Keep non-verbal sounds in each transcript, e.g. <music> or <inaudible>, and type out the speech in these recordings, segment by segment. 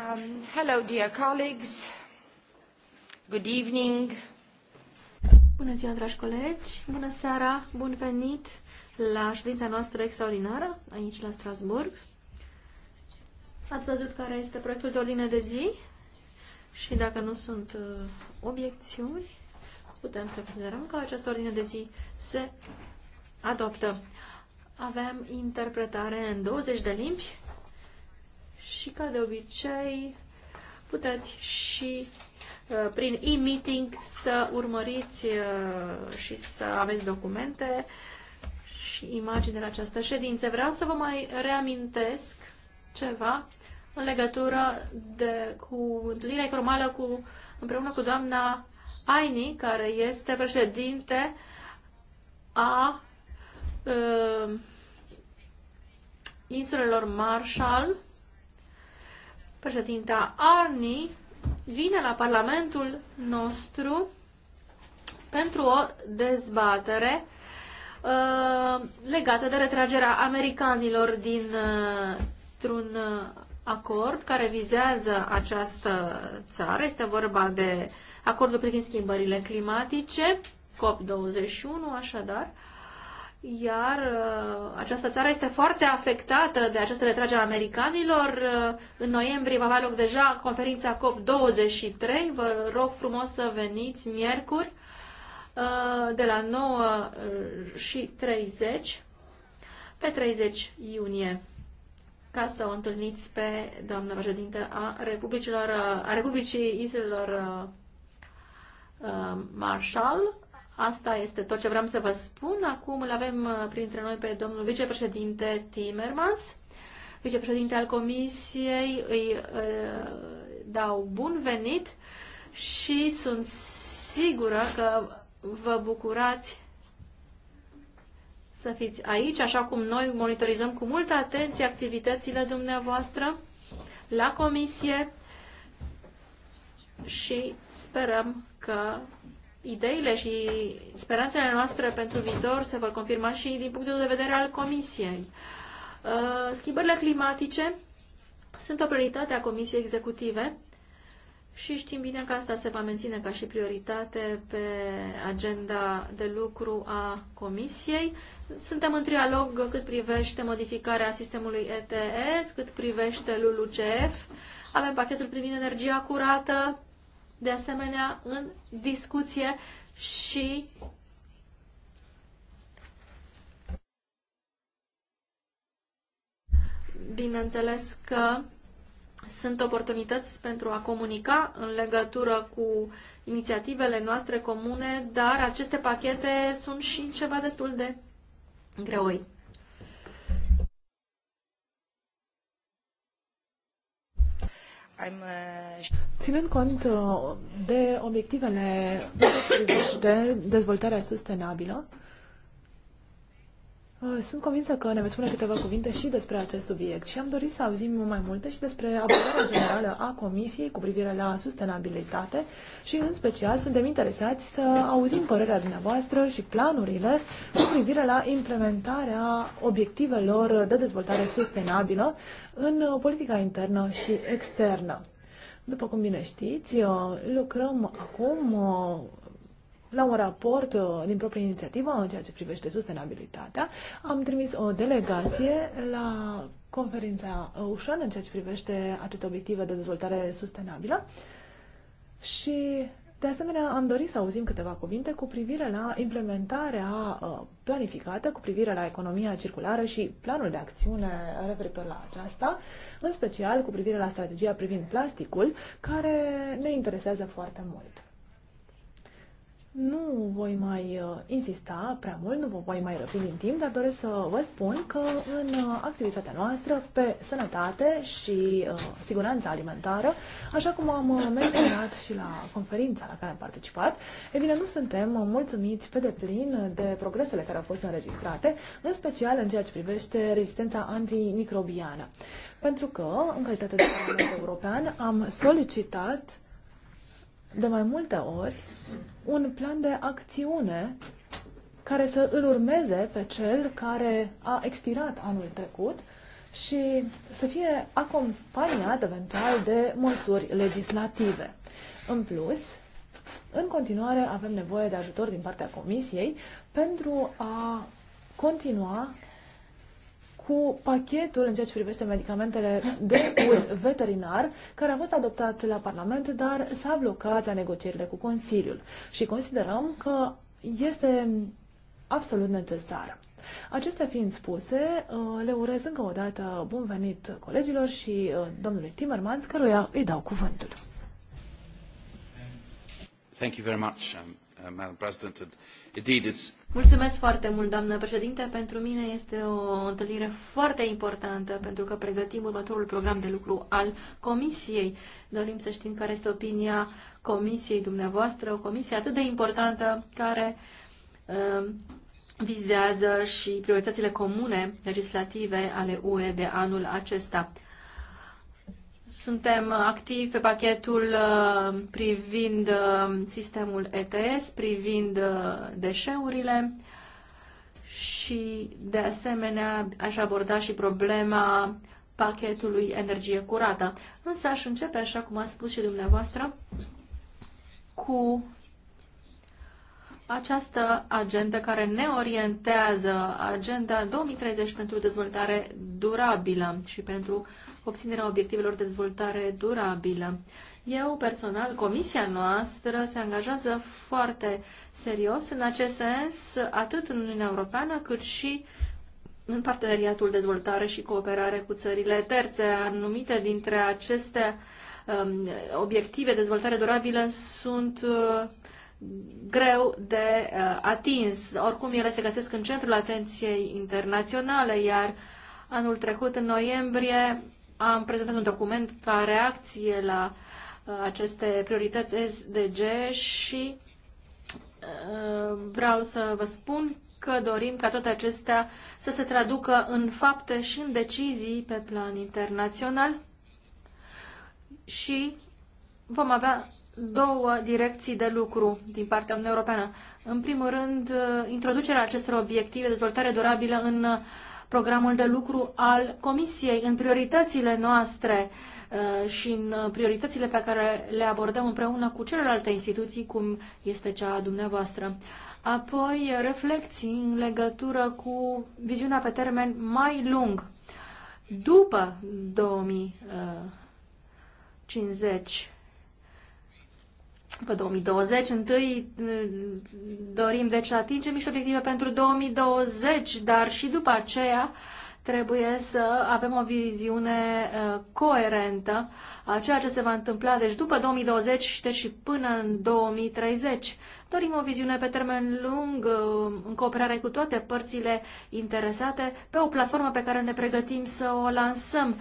Um, hello, dear colleagues. Good evening. Bună ziua, dragi colegi. Bună seara. Bun venit la ședința noastră extraordinară aici la Strasburg. Ați văzut care este proiectul de ordine de zi și dacă nu sunt uh, obiecțiuni, putem să considerăm că această ordine de zi se adoptă. Avem interpretare în 20 de limbi și, ca de obicei, puteți și uh, prin e-meeting să urmăriți uh, și să aveți documente și imagini de la această ședință. Vreau să vă mai reamintesc ceva în legătură de, cu întâlnirea informală cu, împreună cu doamna Aini, care este președinte a uh, insulelor Marshall Președinta Arni vine la Parlamentul nostru pentru o dezbatere uh, legată de retragerea americanilor dintr-un uh, acord care vizează această țară. Este vorba de acordul privind schimbările climatice, COP21, așadar. Uh, iar uh, această țară este foarte afectată de această retragere a americanilor. Uh, în noiembrie va avea loc deja conferința COP23. Vă rog frumos să veniți miercuri uh, de la 9 și 30 pe 30 iunie ca să o întâlniți pe doamna președintă a, Republicilor, a Republicii Iselor Marshall Asta este tot ce vreau să vă spun. Acum îl avem uh, printre noi pe domnul vicepreședinte Timmermans, vicepreședinte al Comisiei. Îi uh, dau bun venit și sunt sigură că vă bucurați să fiți aici, așa cum noi monitorizăm cu multă atenție activitățile dumneavoastră la comisie și sperăm că ideile și speranțele noastre pentru viitor se vor confirma și din punctul de vedere al Comisiei. Uh, schimbările climatice sunt o prioritate a Comisiei Executive și știm bine că asta se va menține ca și prioritate pe agenda de lucru a Comisiei. Suntem în trialog cât privește modificarea sistemului ETS, cât privește LULUCF. Avem pachetul privind energia curată, de asemenea în discuție și bineînțeles că sunt oportunități pentru a comunica în legătură cu inițiativele noastre comune, dar aceste pachete sunt și ceva destul de greoi. Uh, Ținând cont uh, de obiectivele ce privește dezvoltarea sustenabilă, Uh, sunt convinsă că ne veți spune câteva cuvinte și despre acest subiect și am dorit să auzim mai multe și despre abordarea generală a Comisiei cu privire la sustenabilitate și, în special, suntem interesați să auzim părerea dumneavoastră și planurile cu privire la implementarea obiectivelor de dezvoltare sustenabilă în politica internă și externă. După cum bine știți, uh, lucrăm acum uh, la un raport uh, din proprie inițiativă în ceea ce privește sustenabilitatea. Am trimis o delegație la conferința Ocean în ceea ce privește aceste obiective de dezvoltare sustenabilă și de asemenea, am dorit să auzim câteva cuvinte cu privire la implementarea uh, planificată, cu privire la economia circulară și planul de acțiune referitor la aceasta, în special cu privire la strategia privind plasticul, care ne interesează foarte mult. Nu voi mai uh, insista prea mult, nu vă voi mai răpi din timp, dar doresc să vă spun că în uh, activitatea noastră pe sănătate și uh, siguranța alimentară, așa cum am uh, menționat și la conferința la care am participat, evident nu suntem mulțumiți pe deplin de progresele care au fost înregistrate, în special în ceea ce privește rezistența antimicrobiană. Pentru că, în calitate de Parlament European, am solicitat de mai multe ori un plan de acțiune care să îl urmeze pe cel care a expirat anul trecut și să fie acompaniat eventual de măsuri legislative. În plus, în continuare avem nevoie de ajutor din partea Comisiei pentru a continua cu pachetul în ceea ce privește medicamentele de uz veterinar, care a fost adoptat la Parlament, dar s-a blocat la negocierile cu Consiliul. Și considerăm că este absolut necesar. Acestea fiind spuse, uh, le urez încă o dată bun venit colegilor și uh, domnului Timmermans, căruia îi dau cuvântul. Thank you very much. Um... Uh, Mulțumesc foarte mult, doamnă președinte. Pentru mine este o întâlnire foarte importantă pentru că pregătim următorul program de lucru al Comisiei. Dorim să știm care este opinia Comisiei dumneavoastră, o comisie atât de importantă care uh, vizează și prioritățile comune legislative ale UE de anul acesta. Suntem activi pe pachetul uh, privind uh, sistemul ETS, privind uh, deșeurile și, de asemenea, aș aborda și problema pachetului energie curată. Însă aș începe, așa cum ați spus și dumneavoastră, cu această agendă care ne orientează, agenda 2030 pentru dezvoltare durabilă și pentru uh, obținerea obiectivelor de dezvoltare durabilă. Eu personal, comisia noastră se angajează foarte serios în acest sens, atât în Uniunea Europeană, cât și în parteneriatul dezvoltare și cooperare cu țările terțe. Anumite dintre aceste um, obiective de dezvoltare durabilă sunt uh, greu de uh, atins. Oricum, ele se găsesc în centrul atenției internaționale, iar anul trecut, în noiembrie, am prezentat un document ca reacție la uh, aceste priorități SDG și uh, vreau să vă spun că dorim ca toate acestea să se traducă în fapte și în decizii pe plan internațional și vom avea două direcții de lucru din partea Uniunii Europeană. În primul rând, uh, introducerea acestor obiective de dezvoltare durabilă în programul de lucru al Comisiei, în prioritățile noastre uh, și în uh, prioritățile pe care le abordăm împreună cu celelalte instituții, cum este cea a dumneavoastră. Apoi, reflecții în legătură cu viziunea pe termen mai lung, după 2050 pe 2020. Întâi mm, dorim deci să atingem niște obiective pentru 2020, dar și după aceea trebuie să avem o viziune uh, coerentă a ceea ce se va întâmpla deci după 2020 deci și până în 2030. Dorim o viziune pe termen lung, uh, în cooperare cu toate părțile interesate, pe o platformă pe care ne pregătim să o lansăm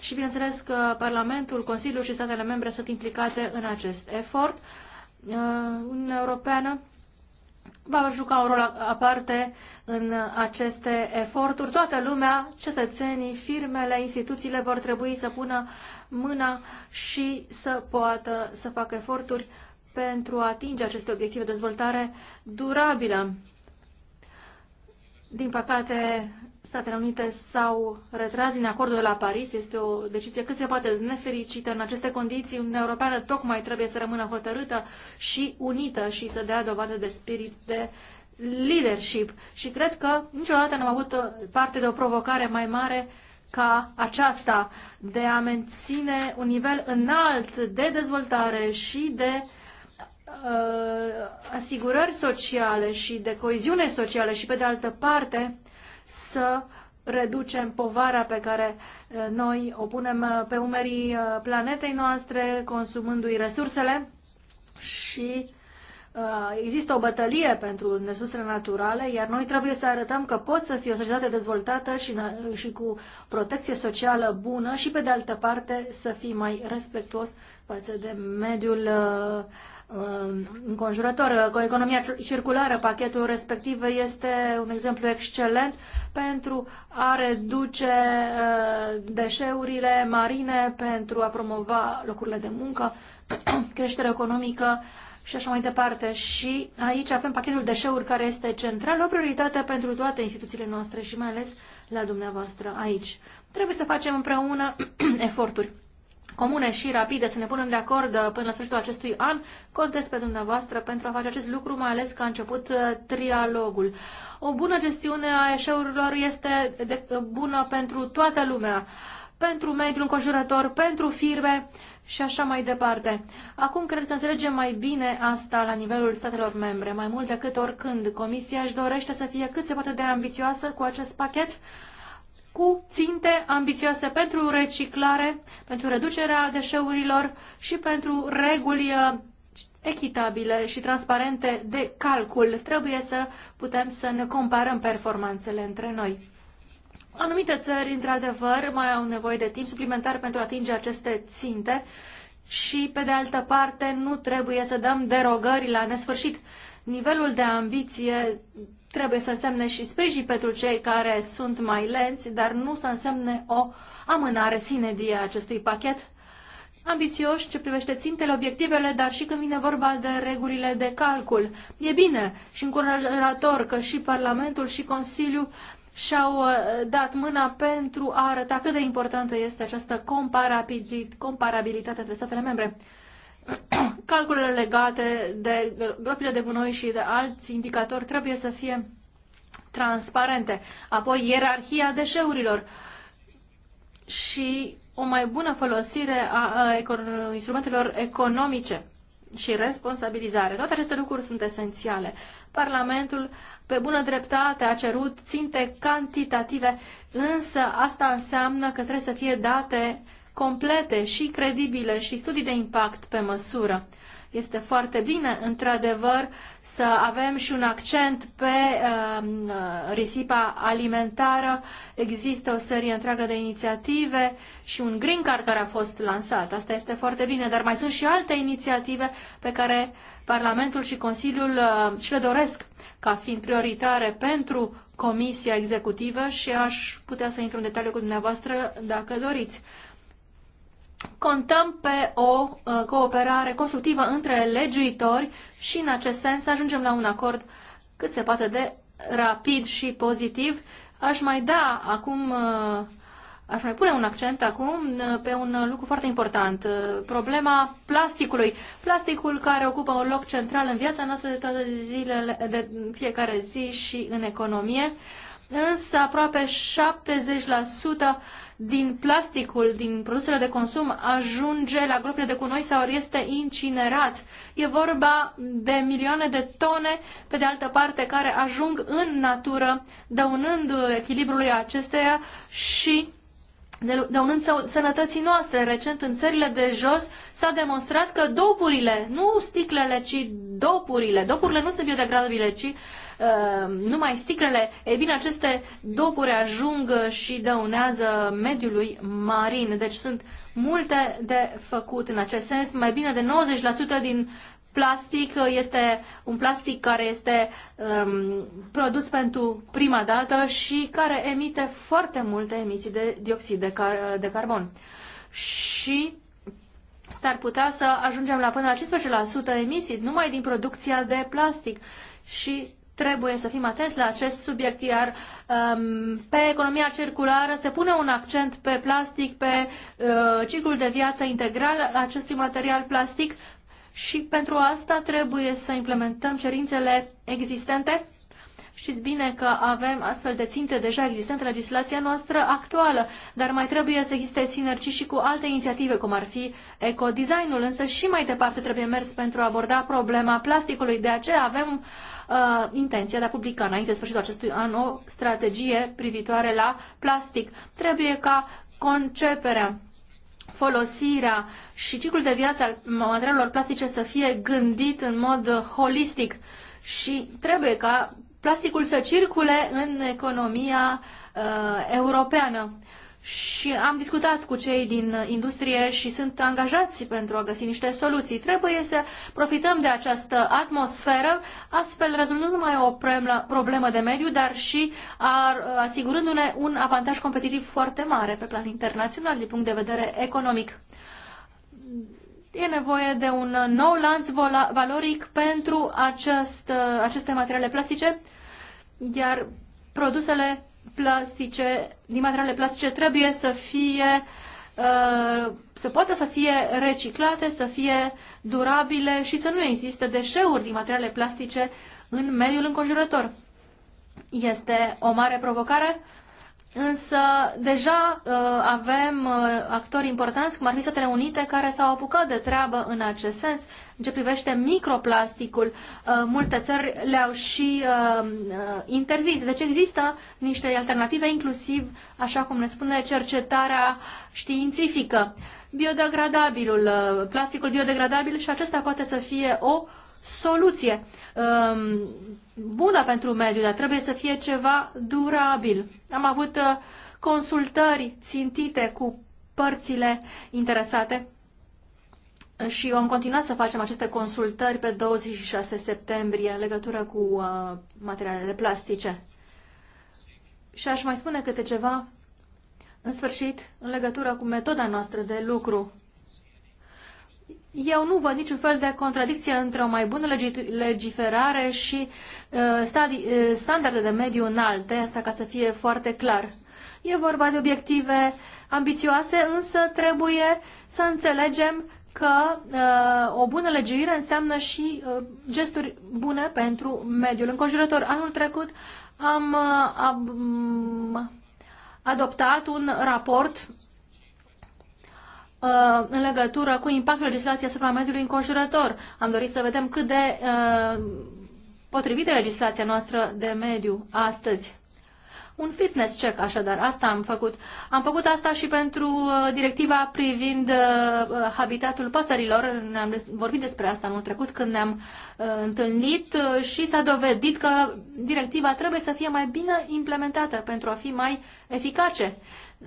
și bineînțeles că Parlamentul, Consiliul și statele membre sunt implicate în acest efort. Uh, Uniunea Europeană va juca un rol aparte în aceste eforturi. Toată lumea, cetățenii, firmele, instituțiile vor trebui să pună mâna și să poată să facă eforturi pentru a atinge aceste obiective de dezvoltare durabilă. Din păcate, Statele Unite s-au retras din acordul de la Paris. Este o decizie cât se poate nefericită. În aceste condiții, Uniunea Europeană tocmai trebuie să rămână hotărâtă și unită și să dea dovadă de spirit de leadership. Și cred că niciodată n-am avut parte de o provocare mai mare ca aceasta de a menține un nivel înalt de dezvoltare și de uh, asigurări sociale și de coeziune socială și pe de altă parte să reducem povara pe care eh, noi o punem eh, pe umerii eh, planetei noastre, consumându-i resursele și există o bătălie pentru resursele naturale, iar noi trebuie să arătăm că pot să fie o societate dezvoltată și, și cu protecție socială bună și, pe de altă parte, să fii mai respectuos față de mediul Uh, înconjurător. Cu economia circulară, pachetul respectiv este un exemplu excelent pentru a reduce uh, deșeurile marine, pentru a promova locurile de muncă, <clears throat> creștere economică și așa mai departe. Și aici avem pachetul deșeuri care este central, o prioritate pentru toate instituțiile noastre și mai ales la dumneavoastră aici. Trebuie să facem împreună <clears throat> eforturi comune și rapide, să ne punem de acord uh, până la sfârșitul acestui an. Contez pe dumneavoastră pentru a face acest lucru, mai ales că a început uh, trialogul. O bună gestiune a eșeurilor este de, uh, bună pentru toată lumea, pentru mediul înconjurător, pentru firme și așa mai departe. Acum cred că înțelegem mai bine asta la nivelul statelor membre, mai mult decât oricând. Comisia își dorește să fie cât se poate de ambițioasă cu acest pachet cu ținte ambițioase pentru reciclare, pentru reducerea deșeurilor și pentru reguli uh, echitabile și transparente de calcul. Trebuie să putem să ne comparăm performanțele între noi. Anumite țări, într-adevăr, mai au nevoie de timp suplimentar pentru a atinge aceste ținte și, pe de altă parte, nu trebuie să dăm derogări la nesfârșit. Nivelul de ambiție trebuie să însemne și sprijin pentru cei care sunt mai lenți, dar nu să însemne o amânare sine de acestui pachet ambițioși ce privește țintele, obiectivele, dar și când vine vorba de regulile de calcul. E bine și încurajator că și Parlamentul și Consiliul și-au uh, dat mâna pentru a arăta cât de importantă este această comparabilitate între statele membre. <clears throat> calculele legate de gropile de gunoi și de alți indicatori trebuie să fie transparente. Apoi, ierarhia deșeurilor și o mai bună folosire a instrumentelor economice și responsabilizare. Toate aceste lucruri sunt esențiale. Parlamentul, pe bună dreptate, a cerut ținte cantitative, însă asta înseamnă că trebuie să fie date uh, complete și credibile și studii de impact pe măsură. Este foarte bine, într-adevăr, să avem și un accent pe uh, risipa alimentară. Există o serie întreagă de inițiative și un green card care a fost lansat. Asta este foarte bine, dar mai sunt și alte inițiative pe care Parlamentul și Consiliul uh, și le doresc ca fiind prioritare pentru Comisia Executivă și aș putea să intru în detaliu cu dumneavoastră dacă doriți. Uh, contăm pe o uh, cooperare constructivă între legiuitori și în acest sens ajungem la un acord cât se poate de rapid și pozitiv. Aș mai da acum, uh, aș mai pune un accent acum uh, pe un lucru foarte important, problema plasticului. Plasticul care ocupă un loc central în viața noastră de toate zilele, de fiecare zi și în economie. Uh, însă aproape 70% din plasticul, din produsele de consum, ajunge la gropile de cu noi sau este incinerat. E vorba de milioane de tone, pe de altă parte, care ajung în natură, dăunând echilibrului acesteia și dăunând sănătății noastre. Recent în țările de jos s-a demonstrat că dopurile, nu sticlele, ci dopurile, dopurile nu sunt biodegradabile, ci uh, numai sticlele, ei bine, aceste dopuri ajung și dăunează mediului marin. Deci sunt multe de făcut în acest sens. Mai bine de 90% din plastic uh, este un plastic care este um, produs pentru prima dată și care emite foarte multe emisii de dioxid de, car- de carbon. Și s-ar putea să ajungem la până la 15% emisii numai din producția de plastic. Și trebuie să fim atenți la acest subiect, iar um, pe economia circulară se pune un accent pe plastic, pe uh, ciclul de viață integral acestui material plastic, și pentru asta trebuie să implementăm cerințele existente. Știți bine că avem astfel de ținte deja existente în legislația noastră actuală, dar mai trebuie să existe sinergii și cu alte inițiative, cum ar fi ecodesignul, însă și mai departe trebuie mers pentru a aborda problema plasticului. De aceea avem uh, intenția de a publica înainte de sfârșitul acestui an o strategie privitoare la plastic. Trebuie ca conceperea folosirea și ciclul de viață al materialelor plastice să fie gândit în mod holistic și trebuie ca plasticul să circule în economia uh, europeană și am discutat cu cei din industrie și sunt angajați pentru a găsi niște soluții. Trebuie să profităm de această atmosferă, astfel rezolvând nu numai o problemă de mediu, dar și asigurându-ne un avantaj competitiv foarte mare pe plan internațional din punct de vedere economic. E nevoie de un nou lanț valoric pentru acest, aceste materiale plastice, iar produsele plastice, din materiale plastice trebuie să fie uh, să poată să fie reciclate, să fie durabile și să nu existe deșeuri din materiale plastice în mediul înconjurător. Este o mare provocare Însă deja uh, avem uh, actori importanți, cum ar fi Statele Unite, care s-au apucat de treabă în acest sens. În ce privește microplasticul, uh, multe țări le-au și uh, uh interzis. Deci există niște alternative, inclusiv, așa cum ne spune, cercetarea științifică. Biodegradabilul, uh, plasticul biodegradabil și acesta poate să fie o uh, soluție um, bună pentru mediu, dar trebuie să fie ceva durabil. Am avut uh, consultări țintite cu părțile interesate și vom continua să facem aceste consultări pe 26 septembrie în legătură cu uh, materialele plastice. Și aș mai spune câte ceva, în sfârșit, în legătură cu metoda noastră de lucru. Eu nu văd niciun fel de contradicție între o mai bună legiferare și uh, uh, standarde de mediu înalte, asta ca să fie foarte clar. E vorba de obiective ambițioase, însă trebuie să înțelegem că uh, o bună legiuire înseamnă și gesturi bune pentru mediul înconjurător. Anul trecut am, am mm, adoptat un raport Uh, în legătură cu impactul legislației asupra mediului înconjurător. Am dorit să vedem cât de uh, potrivită legislația noastră de mediu astăzi. Un fitness check, așadar, asta am făcut. Am făcut asta și pentru uh, directiva privind habitatul păsărilor. Ne-am vorbit despre asta anul trecut când ne-am întâlnit și s-a dovedit că directiva trebuie să fie mai bine implementată pentru a fi mai eficace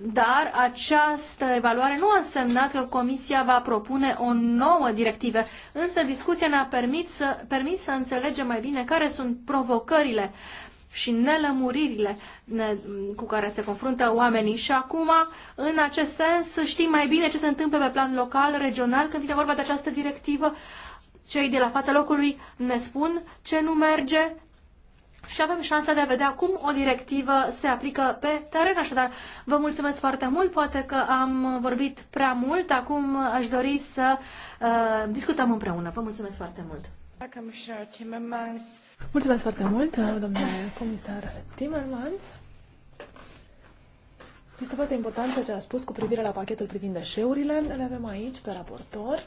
dar această evaluare nu a însemnat că Comisia va propune o nouă directivă, însă discuția ne-a permis să, permis să înțelegem mai bine care sunt provocările și nelămuririle cu care se confruntă oamenii. Și acum, în acest sens, știm mai bine ce se întâmplă pe plan local, regional, când vine vorba de această directivă. Cei de la fața locului ne spun ce nu merge, și avem șansa de a vedea cum o directivă se aplică pe teren. Așadar, vă mulțumesc foarte mult. Poate că am vorbit prea mult. Acum aș dori să uh, discutăm împreună. Vă mulțumesc foarte mult. Mulțumesc foarte mult, uh, domnule comisar Timmermans. Este foarte important ceea ce a spus cu privire la pachetul privind deșeurile. Le avem aici pe raportor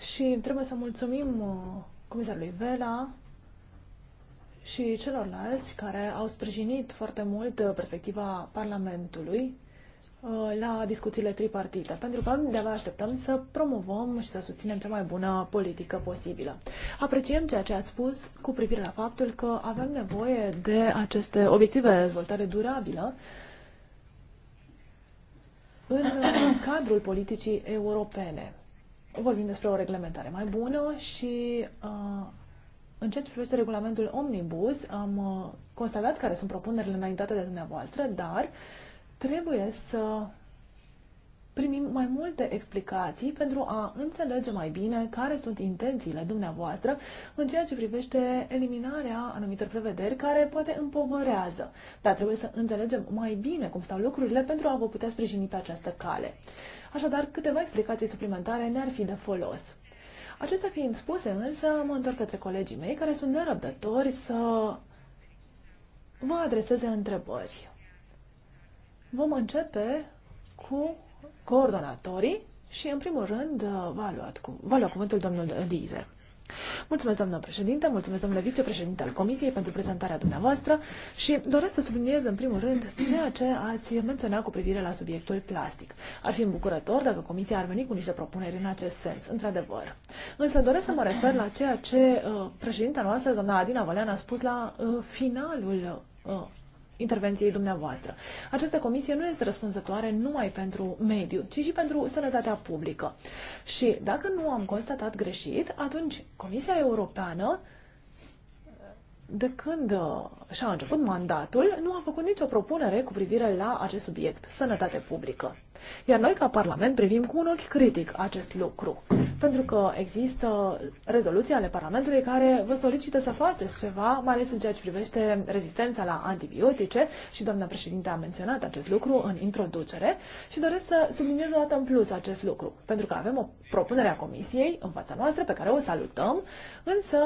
și trebuie să mulțumim uh, comisarului Vela și celorlalți care au sprijinit foarte mult uh, perspectiva Parlamentului uh, la discuțiile tripartite, pentru că de-abia așteptăm să promovăm și să susținem cea mai bună politică posibilă. Apreciem ceea ce ați spus cu privire la faptul că avem nevoie de aceste obiective de dezvoltare durabilă în uh, cadrul politicii europene. Vorbim despre o reglementare mai bună și uh, în ce privește regulamentul Omnibus, am uh, constatat care sunt propunerile înaintate de dumneavoastră, dar trebuie să primim mai multe explicații pentru a înțelege mai bine care sunt intențiile dumneavoastră în ceea ce privește eliminarea anumitor prevederi care poate împovărează. Dar trebuie să înțelegem mai bine cum stau lucrurile pentru a vă putea sprijini pe această cale. Așadar, câteva explicații suplimentare ne-ar fi de folos. Acestea fiind spuse, însă, mă întorc către colegii mei care sunt nerăbdători să vă adreseze întrebări. Vom începe cu coordonatorii și, în primul rând, va lua, va lua cuvântul domnul Lize. Mulțumesc, doamnă președinte, mulțumesc, domnule vicepreședinte al Comisiei, pentru prezentarea dumneavoastră și doresc să subliniez, în primul rând, ceea ce ați menționat cu privire la subiectul plastic. Ar fi îmbucurător dacă Comisia ar veni cu niște propuneri în acest sens, într-adevăr. Însă doresc să mă refer la ceea ce uh, președinta noastră, doamna Adina Valean, a spus la uh, finalul uh, intervenției dumneavoastră. Această comisie nu este răspunzătoare numai pentru mediu, ci și pentru sănătatea publică. Și dacă nu am constatat greșit, atunci Comisia Europeană de când uh, și-a început mandatul, nu a făcut nicio propunere cu privire la acest subiect, sănătate publică. Iar noi, ca Parlament, privim cu un ochi critic acest lucru, pentru că există rezoluții ale Parlamentului care vă solicită să faceți ceva, mai ales în ceea ce privește rezistența la antibiotice și doamna președinte a menționat acest lucru în introducere și doresc să subliniez o dată în plus acest lucru, pentru că avem o propunere a Comisiei în fața noastră pe care o salutăm, însă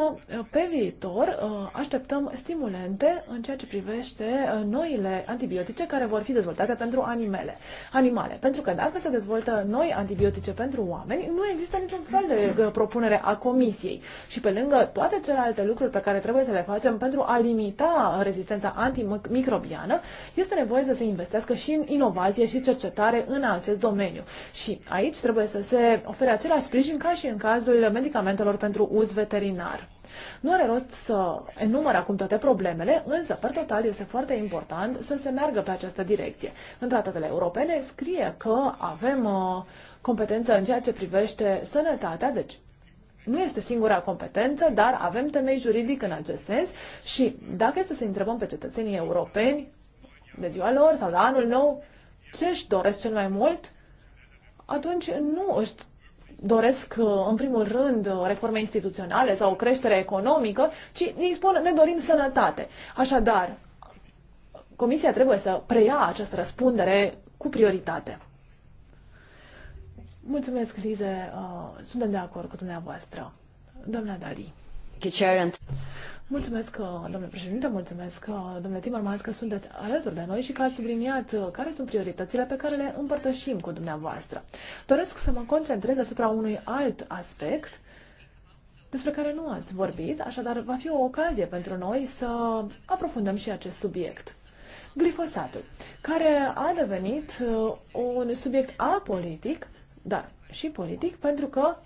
pe viitor ă, așteptăm stimulente în ceea ce privește ă, noile antibiotice care vor fi dezvoltate pentru animale. animale. Pentru că dacă se dezvoltă noi antibiotice pentru oameni, nu există niciun fel de uh, propunere a comisiei. Și pe lângă toate celelalte lucruri pe care trebuie să le facem pentru a limita rezistența antimicrobiană, este nevoie să se investească și în inovație și cercetare în acest domeniu. Și aici trebuie să se ofere același sprijin ca și în cazul medicamentelor pentru uz veterinar. Nu are rost să enumăr acum toate problemele, însă, per total, este foarte important să se meargă pe această direcție. În tratatele europene scrie că avem uh, competență în ceea ce privește sănătatea, deci nu este singura competență, dar avem temei juridic în acest sens și dacă este să întrebăm pe cetățenii europeni de ziua lor sau de anul nou ce își doresc cel mai mult, atunci nu își doresc, uh, în primul rând, uh, reforme instituționale sau o creștere economică, ci ei spun ne dorim sănătate. Așadar, Comisia trebuie să preia această răspundere cu prioritate. Mulțumesc, Lize. Uh, suntem de acord cu dumneavoastră. Doamna Dali. Mulțumesc, uh, domnule președinte, mulțumesc, uh, domnule Timmermans, că sunteți alături de noi și că ați subliniat uh, care sunt prioritățile pe care le împărtășim cu dumneavoastră. Doresc să mă concentrez asupra unui alt aspect despre care nu ați vorbit, așadar va fi o ocazie pentru noi să aprofundăm și acest subiect. Glifosatul, care a devenit un subiect apolitic, dar și politic, pentru că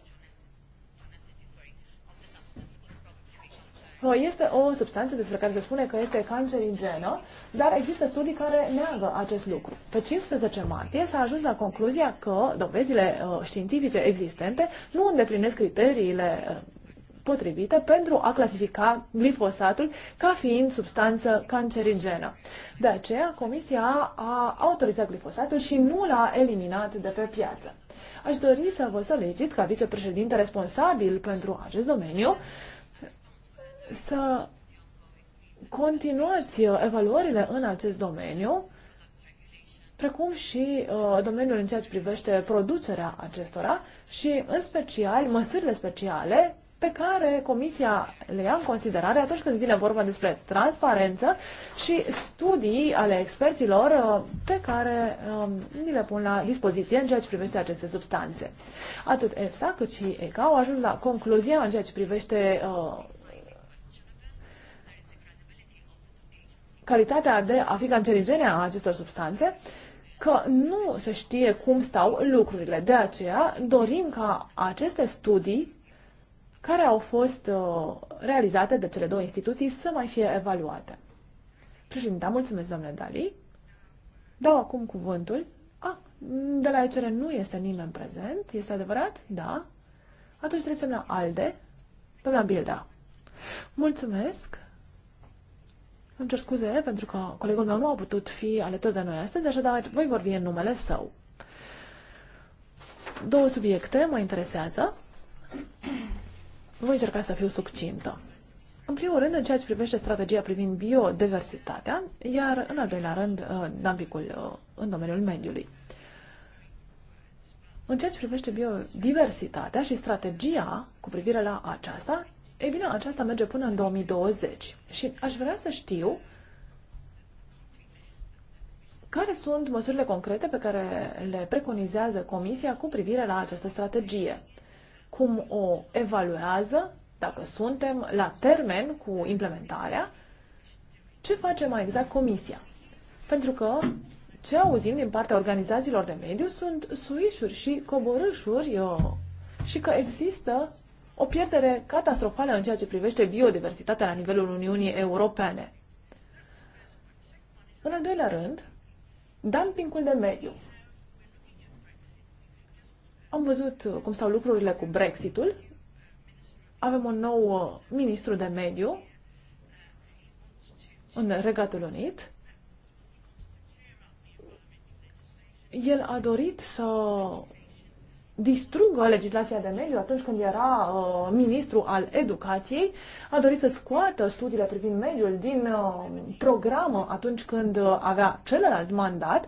este o substanță despre care se spune că este cancerigenă, dar există studii care neagă acest lucru. Pe 15 martie s-a ajuns la concluzia că dovezile uh, științifice existente nu îndeplinesc criteriile uh, potrivite pentru a clasifica glifosatul ca fiind substanță cancerigenă. De aceea, Comisia a autorizat glifosatul și nu l-a eliminat de pe piață. Aș dori să vă solicit ca vicepreședinte responsabil pentru acest domeniu să continuați uh, evaluările în acest domeniu, precum și uh, domeniul în ceea ce privește producerea acestora și, în special, măsurile speciale pe care Comisia le ia în considerare atunci când vine vorba despre transparență și studii ale experților uh, pe care um, ni le pun la dispoziție în ceea ce privește aceste substanțe. Atât EFSA cât și ECA au ajuns la concluzia în ceea ce privește uh, calitatea de a fi cancerigene a acestor substanțe, că nu se știe cum stau lucrurile. De aceea dorim ca aceste studii care au fost uh, realizate de cele două instituții să mai fie evaluate. Președinte, mulțumesc, domnule Dali. Dau acum cuvântul. A, de la ECR nu este nimeni prezent, este adevărat? Da. Atunci trecem la ALDE, doamna Bilda. Mulțumesc. Îmi cer scuze pentru că colegul meu nu a putut fi alături de noi astăzi, așadar voi vorbi în numele său. Două subiecte mă interesează. Voi încerca să fiu succintă. În primul rând, în ceea ce privește strategia privind biodiversitatea, iar în al doilea rând, uh, dumpingul uh, în domeniul mediului. În ceea ce privește biodiversitatea și strategia cu privire la aceasta, ei bine, aceasta merge până în 2020 și aș vrea să știu care sunt măsurile concrete pe care le preconizează Comisia cu privire la această strategie? Cum o evaluează, dacă suntem la termen cu implementarea? Ce face mai exact Comisia? Pentru că ce auzim din partea organizațiilor de mediu sunt suișuri și coborâșuri uh, și că există o pierdere catastrofală în ceea ce privește biodiversitatea la nivelul Uniunii Europene. În al doilea rând, dumpingul de mediu. Am văzut cum stau lucrurile cu Brexitul. Avem un nou uh, ministru de mediu în Regatul Unit. El a dorit să distrugă legislația de mediu atunci când era uh, ministru al educației, a dorit să scoată studiile privind mediul din uh, programă atunci când uh, avea celălalt mandat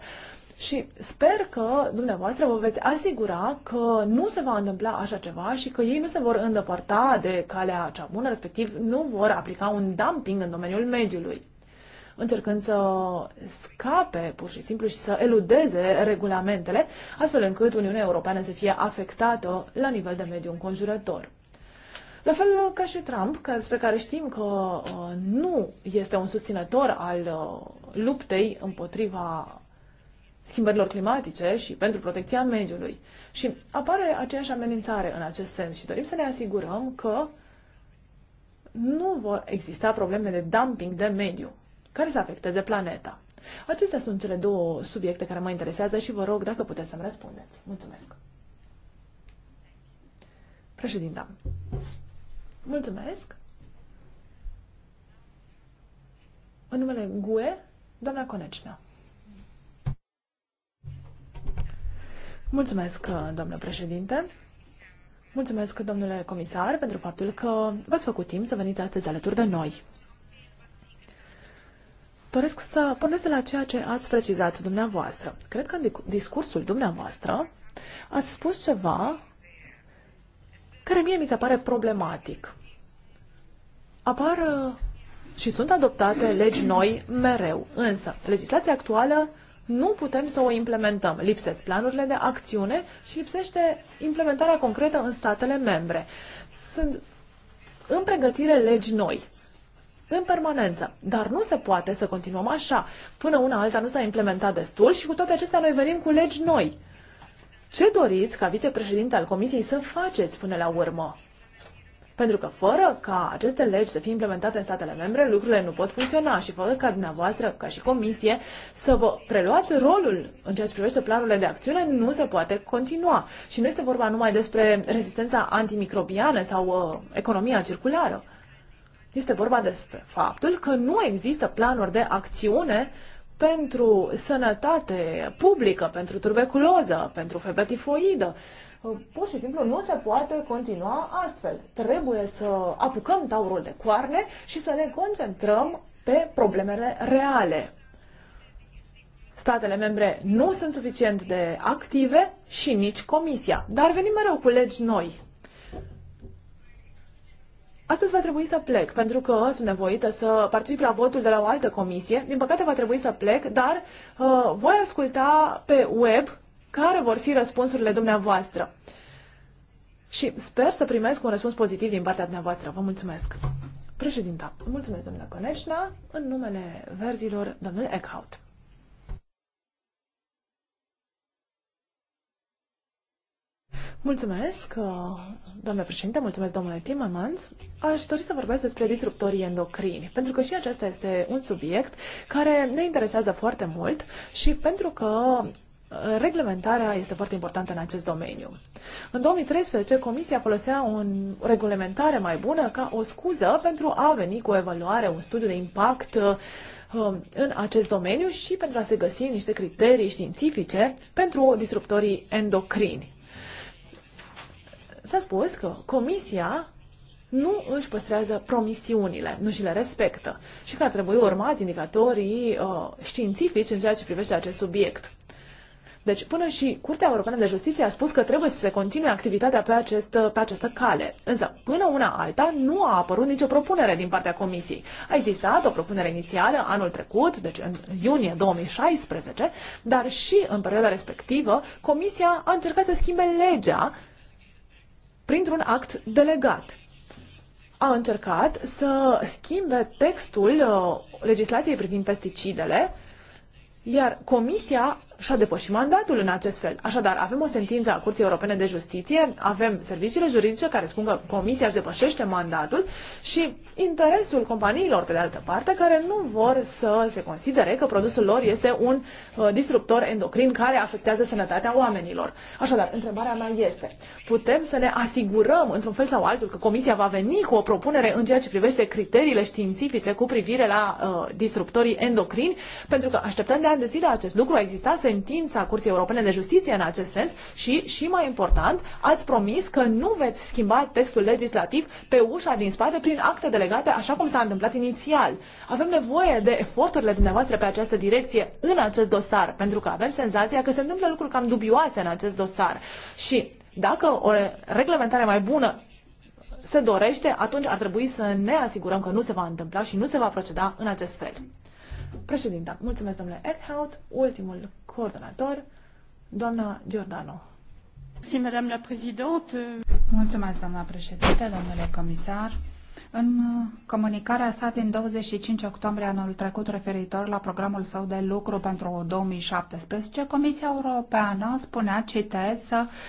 și sper că dumneavoastră vă veți asigura că nu se va întâmpla așa ceva și că ei nu se vor îndepărta de calea cea bună, respectiv nu vor aplica un dumping în domeniul mediului încercând să scape pur și simplu și să eludeze regulamentele, astfel încât Uniunea Europeană să fie afectată la nivel de mediu înconjurător. La fel ca și Trump, despre care știm că uh, nu este un susținător al uh, luptei împotriva schimbărilor climatice și pentru protecția mediului. Și apare aceeași amenințare în acest sens și dorim să ne asigurăm că nu vor exista probleme de dumping de mediu care să afecteze planeta. Acestea sunt cele două subiecte care mă interesează și vă rog dacă puteți să-mi răspundeți. Mulțumesc. Președinta, mulțumesc. În numele GUE, doamna Conecina. Mulțumesc, doamnă președinte. Mulțumesc, domnule comisar, pentru faptul că v-ați făcut timp să veniți astăzi alături de noi doresc să pornesc de la ceea ce ați precizat dumneavoastră. Cred că în discursul dumneavoastră ați spus ceva care mie mi se pare problematic. Apar uh, și sunt adoptate legi noi mereu, însă legislația actuală nu putem să o implementăm. Lipsesc planurile de acțiune și lipsește implementarea concretă în statele membre. Sunt în pregătire legi noi în permanență. Dar nu se poate să continuăm așa. Până una alta nu s-a implementat destul și cu toate acestea noi venim cu legi noi. Ce doriți ca vicepreședinte al Comisiei să faceți până la urmă? Pentru că fără ca aceste legi să fie implementate în statele membre, lucrurile nu pot funcționa și fără ca dumneavoastră, ca și comisie, să vă preluați rolul în ceea ce privește planurile de acțiune, nu se poate continua. Și nu este vorba numai despre rezistența antimicrobiană sau uh, economia circulară. Este vorba despre faptul că nu există planuri de acțiune pentru sănătate publică, pentru tuberculoză, pentru febră tifoidă. Pur și simplu nu se poate continua astfel. Trebuie să apucăm taurul de coarne și să ne concentrăm pe problemele reale. Statele membre nu sunt suficient de active și nici Comisia, dar venim mereu cu legi noi. Astăzi va trebui să plec, pentru că sunt nevoită să particip la votul de la o altă comisie. Din păcate va trebui să plec, dar uh, voi asculta pe web care vor fi răspunsurile dumneavoastră. Și sper să primesc un răspuns pozitiv din partea dumneavoastră. Vă mulțumesc. Președinta, mulțumesc domnule Coneșna, în numele verzilor domnul Eckhout. Mulțumesc, uh, domnule președinte, mulțumesc, domnule Timmermans. Aș dori să vorbesc despre disruptorii endocrini, pentru că și acesta este un subiect care ne interesează foarte mult și pentru că uh, reglementarea este foarte importantă în acest domeniu. În 2013, Comisia folosea o reglementare mai bună ca o scuză pentru a veni cu o evaluare, un studiu de impact uh, în acest domeniu și pentru a se găsi niște criterii științifice pentru disruptorii endocrini. S-a spus că Comisia nu își păstrează promisiunile, nu și le respectă și că ar trebui urmați indicatorii uh, științifici în ceea ce privește acest subiect. Deci până și Curtea Europeană de Justiție a spus că trebuie să se continue activitatea pe, acest, uh, pe această cale. Însă, până una alta, nu a apărut nicio propunere din partea Comisiei. A existat o propunere inițială anul trecut, deci în iunie 2016, dar și în perioada respectivă, Comisia a încercat să schimbe legea printr-un act delegat. A încercat să schimbe textul uh, legislației privind pesticidele, iar Comisia și-a depășit mandatul în acest fel. Așadar, avem o sentință a Curții Europene de Justiție, avem serviciile juridice care spun că Comisia își depășește mandatul și interesul companiilor, pe de altă parte, care nu vor să se considere că produsul lor este un uh, disruptor endocrin care afectează sănătatea oamenilor. Așadar, întrebarea mea este, putem să ne asigurăm, într-un fel sau altul, că Comisia va veni cu o propunere în ceea ce privește criteriile științifice cu privire la uh, disruptorii endocrini, pentru că așteptăm de ani de zile acest lucru, a existat sentința Curții Europene de Justiție în acest sens și, și mai important, ați promis că nu veți schimba textul legislativ pe ușa din spate prin acte de legate, așa cum s-a întâmplat inițial. Avem nevoie de eforturile dumneavoastră pe această direcție în acest dosar, pentru că avem senzația că se întâmplă lucruri cam dubioase în acest dosar. Și dacă o reglementare mai bună se dorește, atunci ar trebui să ne asigurăm că nu se va întâmpla și nu se va proceda în acest fel. Președinta, mulțumesc domnule Eckhout, ultimul coordonator, doamna Giordano. Mulțumesc, doamna președinte, domnule comisar. În uh, comunicarea sa din 25 octombrie anul trecut referitor la programul său de lucru pentru 2017, Comisia Europeană spunea, citez,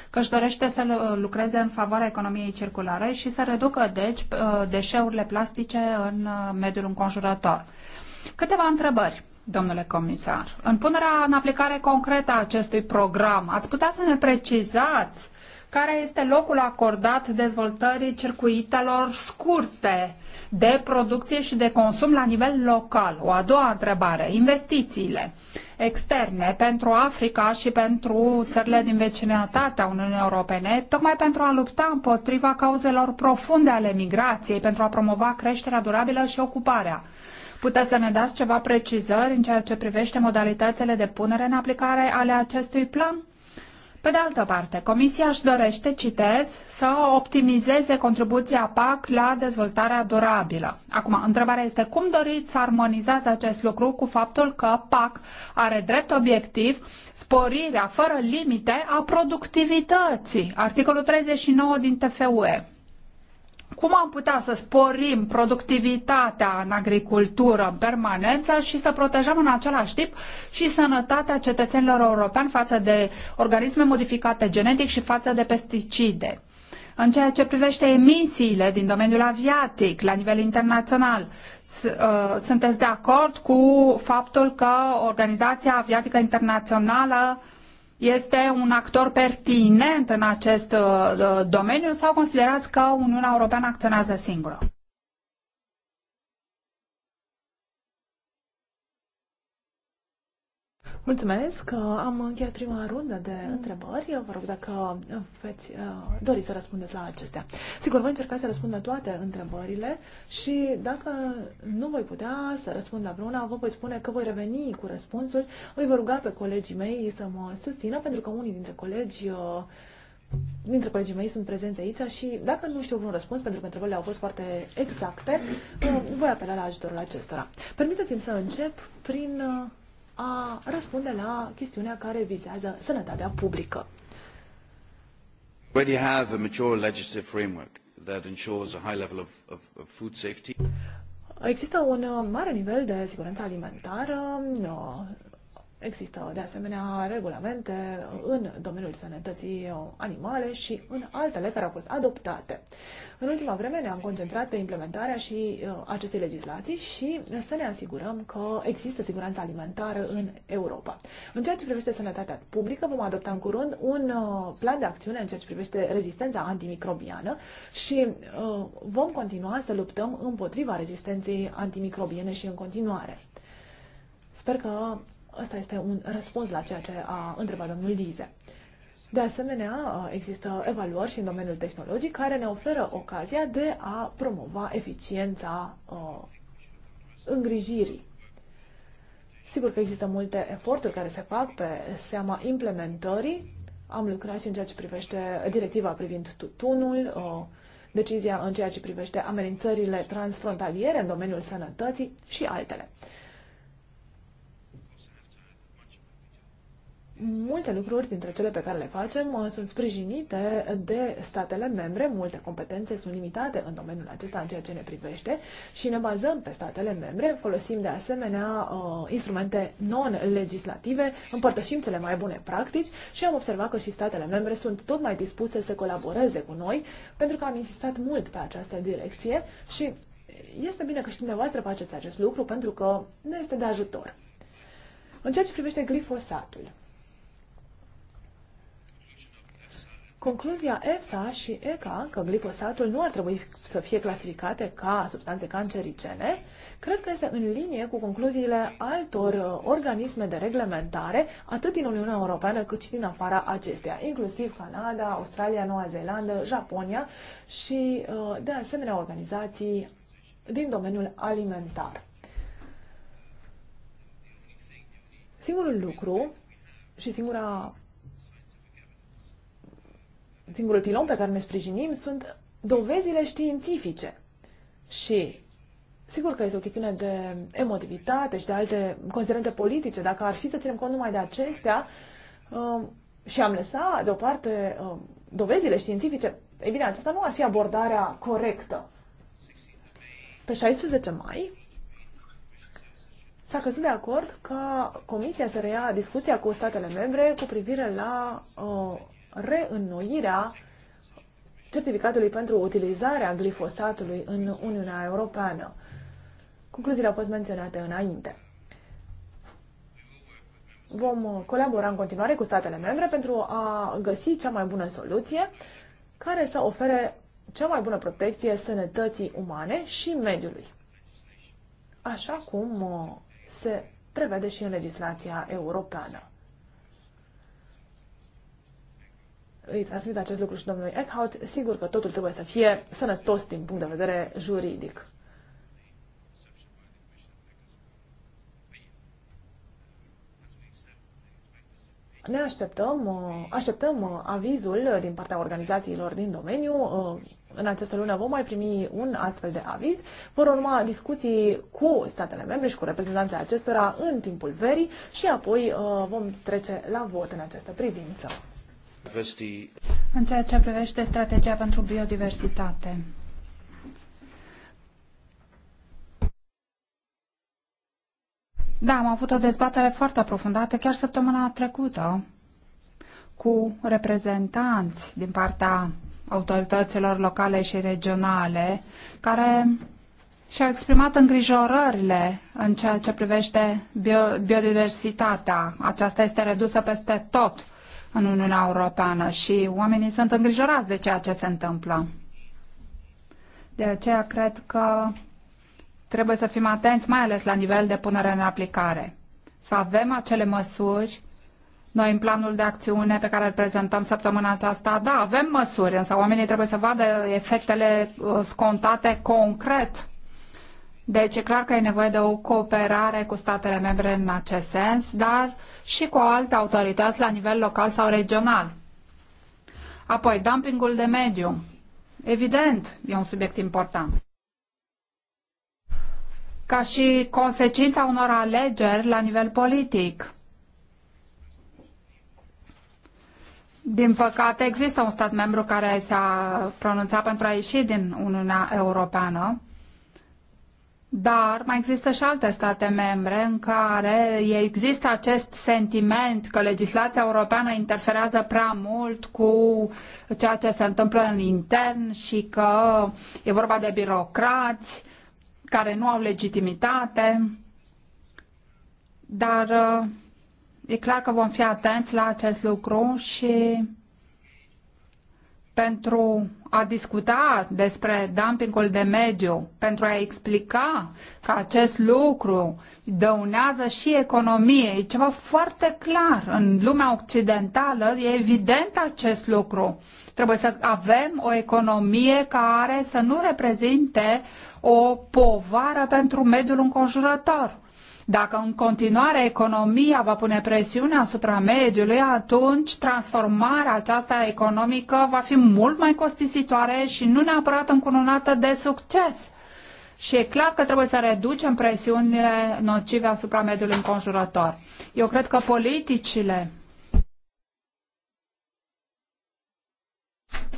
că își dorește să uh, lucreze în favoarea economiei circulare și să reducă, deci, uh, deșeurile plastice în mediul înconjurător. Câteva întrebări. Domnule comisar, în punerea în aplicare concretă a acestui program, ați putea să ne precizați care este locul acordat dezvoltării circuitelor scurte de producție și de consum la nivel local. O a doua întrebare, investițiile externe pentru Africa și pentru țările din vecinătatea Uniunii Europene, tocmai pentru a lupta împotriva cauzelor profunde ale migrației, pentru a promova creșterea durabilă și ocuparea. Puteți să ne dați ceva precizări în ceea ce privește modalitățile de punere în aplicare ale acestui plan? Pe de altă parte, Comisia își dorește, citez, să optimizeze contribuția PAC la dezvoltarea durabilă. Acum, întrebarea este cum doriți să armonizați acest lucru cu faptul că PAC are drept obiectiv sporirea fără limite a productivității, articolul 39 din TFUE cum am putea să sporim productivitatea în agricultură, în permanență și să protejăm în același timp și sănătatea cetățenilor europeni față de organisme modificate genetic și față de pesticide. În ceea ce privește emisiile din domeniul aviatic la nivel internațional, uh, sunteți de acord cu faptul că Organizația Aviatică Internațională este un actor pertinent în acest uh, domeniu sau considerați că Uniunea Europeană acționează singură? Mulțumesc. Am încheiat prima rundă de întrebări. Eu vă rog dacă veți uh, dori să răspundeți la acestea. Sigur, voi încerca să răspund la toate întrebările și dacă nu voi putea să răspund la vreuna, vă voi spune că voi reveni cu răspunsul. Voi voi ruga pe colegii mei să mă susțină, pentru că unii dintre colegi uh, dintre colegii mei sunt prezenți aici și dacă nu știu vreun răspuns, pentru că întrebările au fost foarte exacte, uh, voi apela la ajutorul acestora. Permiteți-mi să încep prin a răspunde la chestiunea care vizează sănătatea publică. have a mature legislative framework that ensures a high level of, of, of food safety. Există un uh, mare nivel de siguranță alimentară, uh, Există de asemenea regulamente în domeniul sănătății animale și în altele care au fost adoptate. În ultima vreme ne-am concentrat pe implementarea și uh, acestei legislații și să ne asigurăm că există siguranță alimentară în Europa. În ceea ce privește sănătatea publică, vom adopta în curând un uh, plan de acțiune în ceea ce privește rezistența antimicrobiană și uh, vom continua să luptăm împotriva rezistenței antimicrobiene și în continuare. Sper că Ăsta este un răspuns la ceea ce a întrebat domnul Lize. De asemenea, uh, există evaluări și în domeniul tehnologic care ne oferă ocazia de a promova eficiența uh, îngrijirii. Sigur că există multe eforturi care se fac pe seama implementării. Am lucrat și în ceea ce privește directiva privind tutunul, uh, decizia în ceea ce privește amenințările transfrontaliere în domeniul sănătății și altele. multe lucruri dintre cele pe care le facem uh, sunt sprijinite de statele membre, multe competențe sunt limitate în domeniul acesta în ceea ce ne privește și ne bazăm pe statele membre, folosim de asemenea uh, instrumente non-legislative, împărtășim cele mai bune practici și am observat că și statele membre sunt tot mai dispuse să colaboreze cu noi pentru că am insistat mult pe această direcție și este bine că și dumneavoastră faceți acest lucru pentru că ne este de ajutor. În ceea ce privește glifosatul, Concluzia EFSA și ECA că glifosatul nu ar trebui să fie clasificate ca substanțe cancerigene, cred că este în linie cu concluziile altor uh, organisme de reglementare, atât din Uniunea Europeană cât și din afara acesteia, inclusiv Canada, Australia, Noua Zeelandă, Japonia și, uh, de asemenea, organizații din domeniul alimentar. Singurul lucru și singura singurul pilon pe care ne sprijinim sunt dovezile științifice. Și sigur că este o chestiune de emotivitate și de alte considerente politice. Dacă ar fi să ținem cont numai de acestea um, și am lăsat deoparte um, dovezile științifice, ei bine, aceasta nu ar fi abordarea corectă. Pe 16 mai s-a căzut de acord ca Comisia să reia discuția cu statele membre cu privire la uh, reînnoirea certificatului pentru utilizarea glifosatului în Uniunea Europeană. Concluziile au fost menționate înainte. Vom colabora în continuare cu statele membre pentru a găsi cea mai bună soluție care să ofere cea mai bună protecție sănătății umane și mediului, așa cum se prevede și în legislația europeană. îi transmit acest lucru și domnului Eckhout, sigur că totul trebuie să fie sănătos din punct de vedere juridic. Ne așteptăm, uh, așteptăm uh, avizul din partea organizațiilor din domeniu. Uh, în această lună vom mai primi un astfel de aviz. Vor urma discuții cu statele membre și cu reprezentanții acestora în timpul verii și apoi vom trece la vot în această privință. În ceea ce privește strategia pentru biodiversitate. Da, am avut o dezbatere foarte aprofundată chiar săptămâna trecută cu reprezentanți din partea autorităților locale și regionale care și-au exprimat îngrijorările în ceea ce privește biodiversitatea. Aceasta este redusă peste tot în Uniunea Europeană și oamenii sunt îngrijorați de ceea ce se întâmplă. De aceea cred că trebuie să fim atenți, mai ales la nivel de punere în aplicare. Să avem acele măsuri noi în planul de acțiune pe care îl prezentăm săptămâna aceasta, da, avem măsuri, însă oamenii trebuie să vadă efectele uh, scontate concret deci e clar că e nevoie de o cooperare cu statele membre în acest sens, dar și cu alte autorități la nivel local sau regional. Apoi, dumpingul de mediu. Evident, e un subiect important. Ca și consecința unor alegeri la nivel politic. Din păcate, există un stat membru care s-a pronunțat pentru a ieși din Uniunea Europeană dar mai există și alte state membre în care există acest sentiment că legislația europeană interferează prea mult cu ceea ce se întâmplă în intern și că e vorba de birocrați care nu au legitimitate. Dar uh, e clar că vom fi atenți la acest lucru și pentru a discuta despre dumpingul de mediu, pentru a explica că acest lucru dăunează și economiei, ceva foarte clar. În lumea occidentală e evident acest lucru. Trebuie să avem o economie care să nu reprezinte o povară pentru mediul înconjurător. Dacă în continuare economia va pune presiune asupra mediului, atunci transformarea aceasta economică va fi mult mai costisitoare și nu neapărat încununată de succes. Și e clar că trebuie să reducem presiunile nocive asupra mediului înconjurător. Eu cred că politicile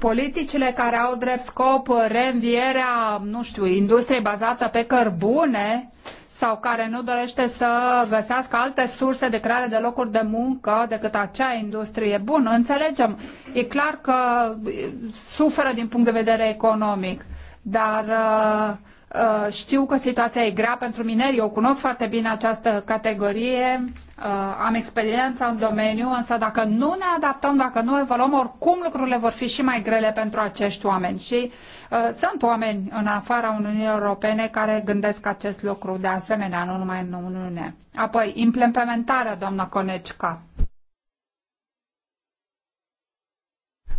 Politicile care au drept scop reînvierea, nu știu, industriei bazată pe cărbune sau care nu dorește să găsească alte surse de creare de locuri de muncă decât acea industrie. Bun, înțelegem. E clar că suferă din punct de vedere economic, dar uh, Uh, știu că situația e grea pentru mineri, eu cunosc foarte bine această categorie, uh, am experiență în domeniu, însă dacă nu ne adaptăm, dacă nu evoluăm, oricum lucrurile vor fi și mai grele pentru acești oameni. Și uh, sunt oameni în afara Uniunii Europene care gândesc acest lucru de asemenea, nu numai în Uniune. Apoi, implementarea, doamna Conecica.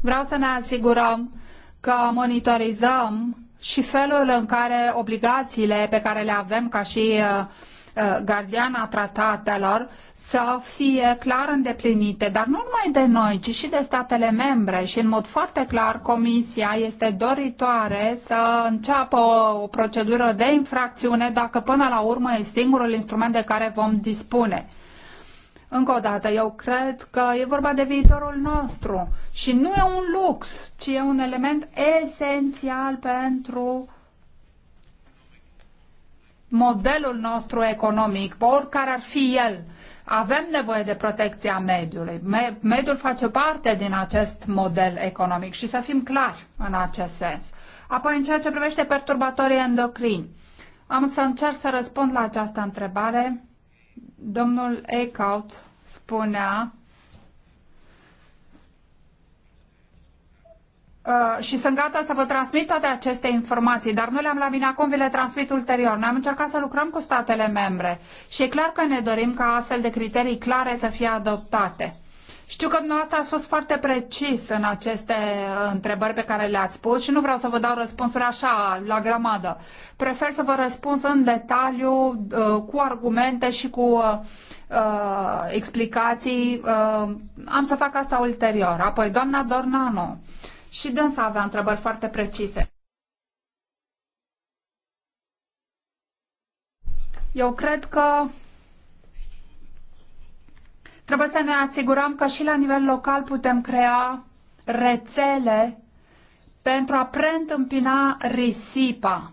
Vreau să ne asigurăm că monitorizăm și felul în care obligațiile pe care le avem ca și uh, uh, gardiana tratatelor să fie clar îndeplinite, dar nu numai de noi, ci și de statele membre și în mod foarte clar Comisia este doritoare să înceapă o, o procedură de infracțiune dacă până la urmă e singurul instrument de care vom dispune. Încă o dată, eu cred că e vorba de viitorul nostru și nu e un lux, ci e un element esențial pentru modelul nostru economic, oricare ar fi el. Avem nevoie de protecția mediului. Mediul face parte din acest model economic și să fim clari în acest sens. Apoi, în ceea ce privește perturbatorii endocrini, am să încerc să răspund la această întrebare Domnul Eckhout spunea Uh, și sunt gata să vă transmit toate aceste informații, dar nu le-am la mine acum, vi le transmit ulterior. ne am încercat să lucrăm cu statele membre și e clar că ne dorim ca astfel de criterii clare să fie adoptate. Știu că dumneavoastră ați fost foarte precis în aceste uh, întrebări pe care le-ați pus și nu vreau să vă dau răspunsuri așa, la grămadă. Prefer să vă răspuns în detaliu, uh, cu argumente și cu uh, uh, explicații. Uh, am să fac asta ulterior. Apoi, doamna Dornano. Și dânsa avea întrebări foarte precise. Eu cred că Trebuie să ne asigurăm că și la nivel local putem crea rețele pentru a preîntâmpina risipa.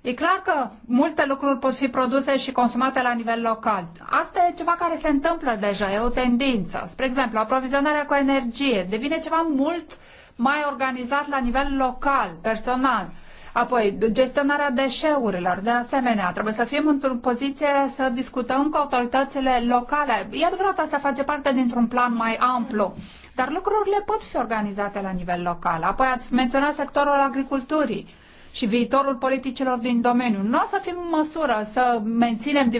E clar că multe lucruri pot fi produse și consumate la nivel local. Asta e ceva care se întâmplă deja, e o tendință. Spre exemplu, aprovizionarea cu energie devine ceva mult mai organizat la nivel local, personal. Apoi, gestionarea deșeurilor, de asemenea, trebuie să fim într-o poziție să discutăm cu autoritățile locale. E adevărat, asta face parte dintr-un plan mai amplu, dar lucrurile pot fi organizate la nivel local. Apoi ați menționat sectorul agriculturii și viitorul politicilor din domeniu. Nu o să fim în măsură să menținem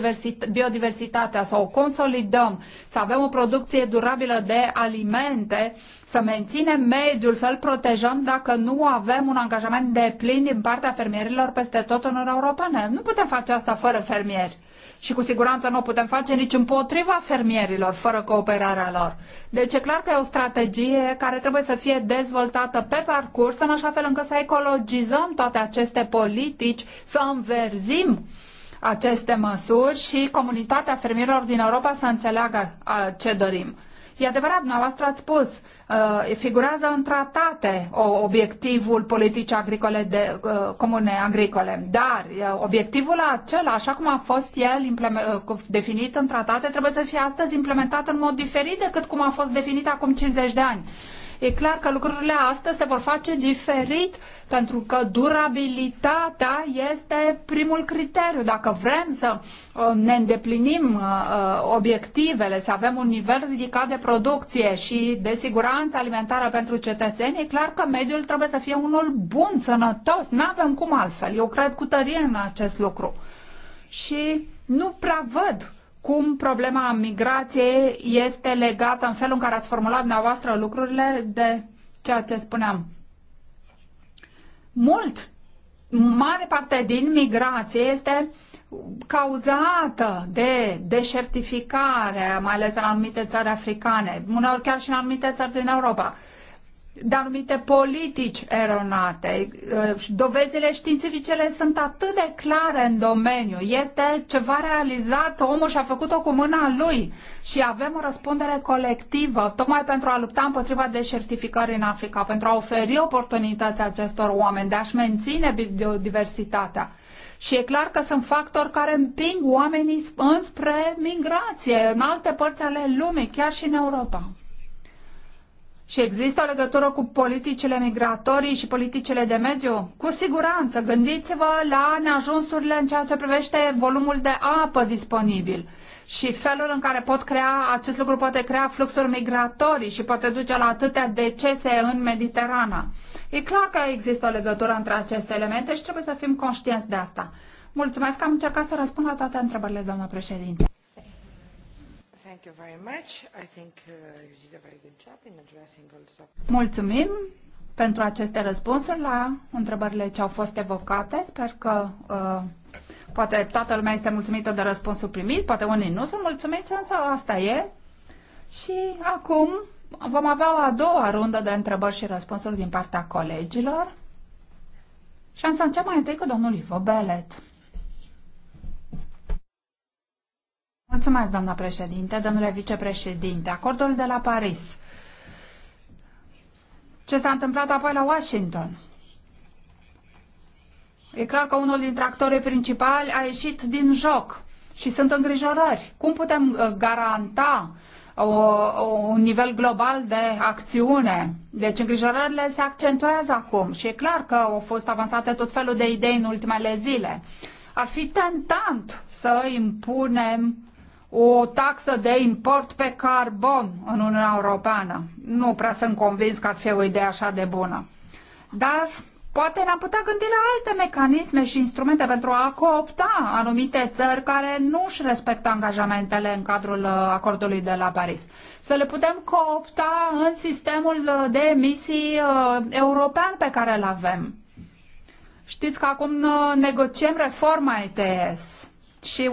biodiversitatea, să o consolidăm, să avem o producție durabilă de alimente să menținem mediul, să-l protejăm dacă nu avem un angajament de plin din partea fermierilor peste tot în Uniunea Europeană. Nu putem face asta fără fermieri. Și cu siguranță nu putem face nici împotriva fermierilor, fără cooperarea lor. Deci e clar că e o strategie care trebuie să fie dezvoltată pe parcurs, în așa fel încât să ecologizăm toate aceste politici, să înverzim aceste măsuri și comunitatea fermierilor din Europa să înțeleagă ce dorim. E adevărat, dumneavoastră ați spus, uh, figurează în tratate obiectivul politicii agricole de, uh, comune agricole, dar obiectivul acela, așa cum a fost el uh, definit în tratate, trebuie să fie astăzi implementat în mod diferit decât cum a fost definit acum 50 de ani. E clar că lucrurile astea se vor face diferit pentru că durabilitatea este primul criteriu. Dacă vrem să uh, ne îndeplinim uh, uh, obiectivele, să avem un nivel ridicat de producție și de siguranță alimentară pentru cetățeni, e clar că mediul trebuie să fie unul bun, sănătos. Nu avem cum altfel. Eu cred cu tărie în acest lucru. Și nu prea văd cum problema migrației este legată în felul în care ați formulat dumneavoastră lucrurile de ceea ce spuneam. Mult, mare parte din migrație este cauzată de deșertificare, mai ales în anumite țări africane, uneori chiar și în anumite țări din Europa de anumite politici eronate. Dovezile științificele sunt atât de clare în domeniu. Este ceva realizat, omul și-a făcut-o cu mâna lui și avem o răspundere colectivă, tocmai pentru a lupta împotriva deșertificării în Africa, pentru a oferi oportunități acestor oameni de a-și menține biodiversitatea. Și e clar că sunt factori care împing oamenii înspre migrație în alte părți ale lumii, chiar și în Europa. Și există o legătură cu politicile migratorii și politicile de mediu? Cu siguranță. Gândiți-vă la neajunsurile în ceea ce privește volumul de apă disponibil și felul în care pot crea, acest lucru poate crea fluxuri migratorii și poate duce la atâtea decese în Mediterana. E clar că există o legătură între aceste elemente și trebuie să fim conștienți de asta. Mulțumesc că am încercat să răspund la toate întrebările, doamna președinte. Thank you very much. I think uh, you did a very good job in addressing Mulțumim pentru aceste răspunsuri la întrebările ce au fost evocate. Sper că uh, poate toată lumea este mulțumită de răspunsul primit, poate unii nu sunt mulțumiți, însă asta e. Și acum vom avea o a doua rundă de întrebări și răspunsuri din partea colegilor. Și am să încep mai întâi cu domnul Ivo Belet. Mulțumesc, doamna președinte, domnule vicepreședinte. Acordul de la Paris. Ce s-a întâmplat apoi la Washington? E clar că unul dintre actorii principali a ieșit din joc și sunt îngrijorări. Cum putem uh, garanta o, uh, o, un nivel global de acțiune? Deci îngrijorările se accentuează acum și e clar că au fost avansate tot felul de idei în ultimele zile. Ar fi tentant să impunem o taxă de import pe carbon în Uniunea Europeană. Nu prea sunt convins că ar fi o idee așa de bună. Dar poate ne-am putea gândi la alte mecanisme și instrumente pentru a coopta anumite țări care nu își respectă angajamentele în cadrul uh, acordului de la Paris. Să le putem coopta în sistemul uh, de emisii uh, european pe care îl avem. Știți că acum negociem reforma ETS și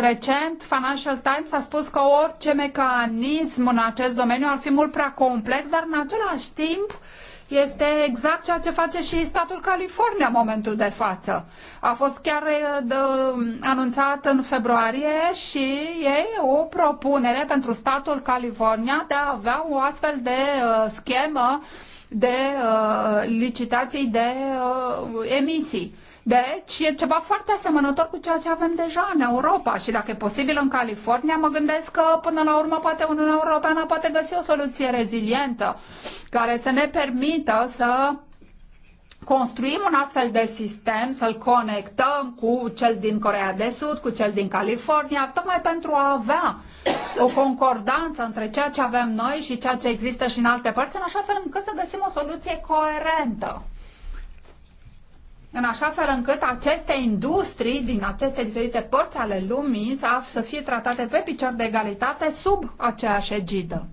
recent Financial Times a spus că orice mecanism în acest domeniu ar fi mult prea complex, dar în același timp este exact ceea ce face și statul California în momentul de față. A fost chiar eh, anunțat în februarie și e o propunere pentru statul California de a avea o astfel de eh, schemă de eh, licitații de emisii. Deci e ceva foarte asemănător cu ceea ce avem deja în Europa și dacă e posibil în California, mă gândesc că până la urmă poate Uniunea Europeană poate găsi o soluție rezilientă care să ne permită să construim un astfel de sistem, să-l conectăm cu cel din Corea de Sud, cu cel din California, tocmai pentru a avea o concordanță între ceea ce avem noi și ceea ce există și în alte părți, în așa fel încât să găsim o soluție coerentă în așa fel încât aceste industrii din aceste diferite părți ale lumii să, fie tratate pe picior de egalitate sub aceeași egidă.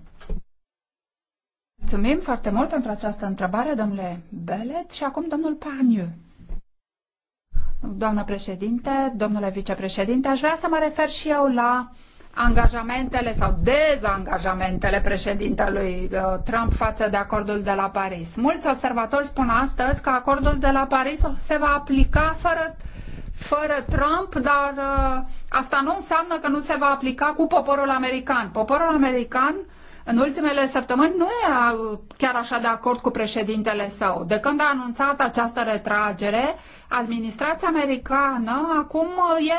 Mulțumim foarte mult pentru această întrebare, domnule Belet, și acum domnul Paniu. Doamnă președinte, domnule vicepreședinte, aș vrea să mă refer și eu la uh, angajamentele sau dezangajamentele președintelui uh, Trump față de acordul de la Paris. Mulți observatori spun astăzi că acordul de la Paris se va aplica fără fără Trump, dar uh, asta nu înseamnă că nu se va aplica cu poporul american. Poporul american uh, în ultimele săptămâni nu e chiar așa de acord cu președintele său. De când a anunțat această retragere, administrația americană acum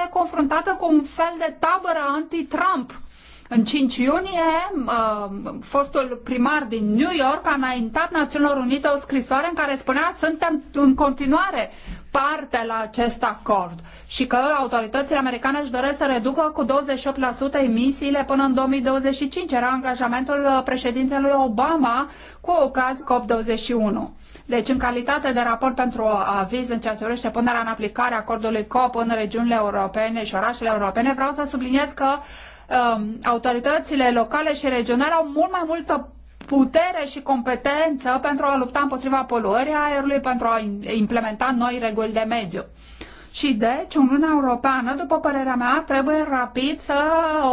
e confruntată cu un fel de tabără anti-Trump în 5 iunie, uh, fostul primar din New York a înaintat Națiunilor Unite o scrisoare în care spunea suntem în continuare parte la acest acord și că autoritățile americane își doresc să reducă cu 28% emisiile până în 2025. Era angajamentul uh, președintelui Obama cu ocazia COP21. Deci, în calitate de raport pentru uh, aviz în ceea ce urește punerea în aplicare acordului COP în regiunile europene și orașele europene, vreau să subliniez că uh, Um, autoritățile locale și regionale au mult mai multă putere și competență pentru a lupta împotriva poluării aerului, pentru a implementa noi reguli de mediu. Și deci Uniunea Europeană, după părerea mea, trebuie rapid să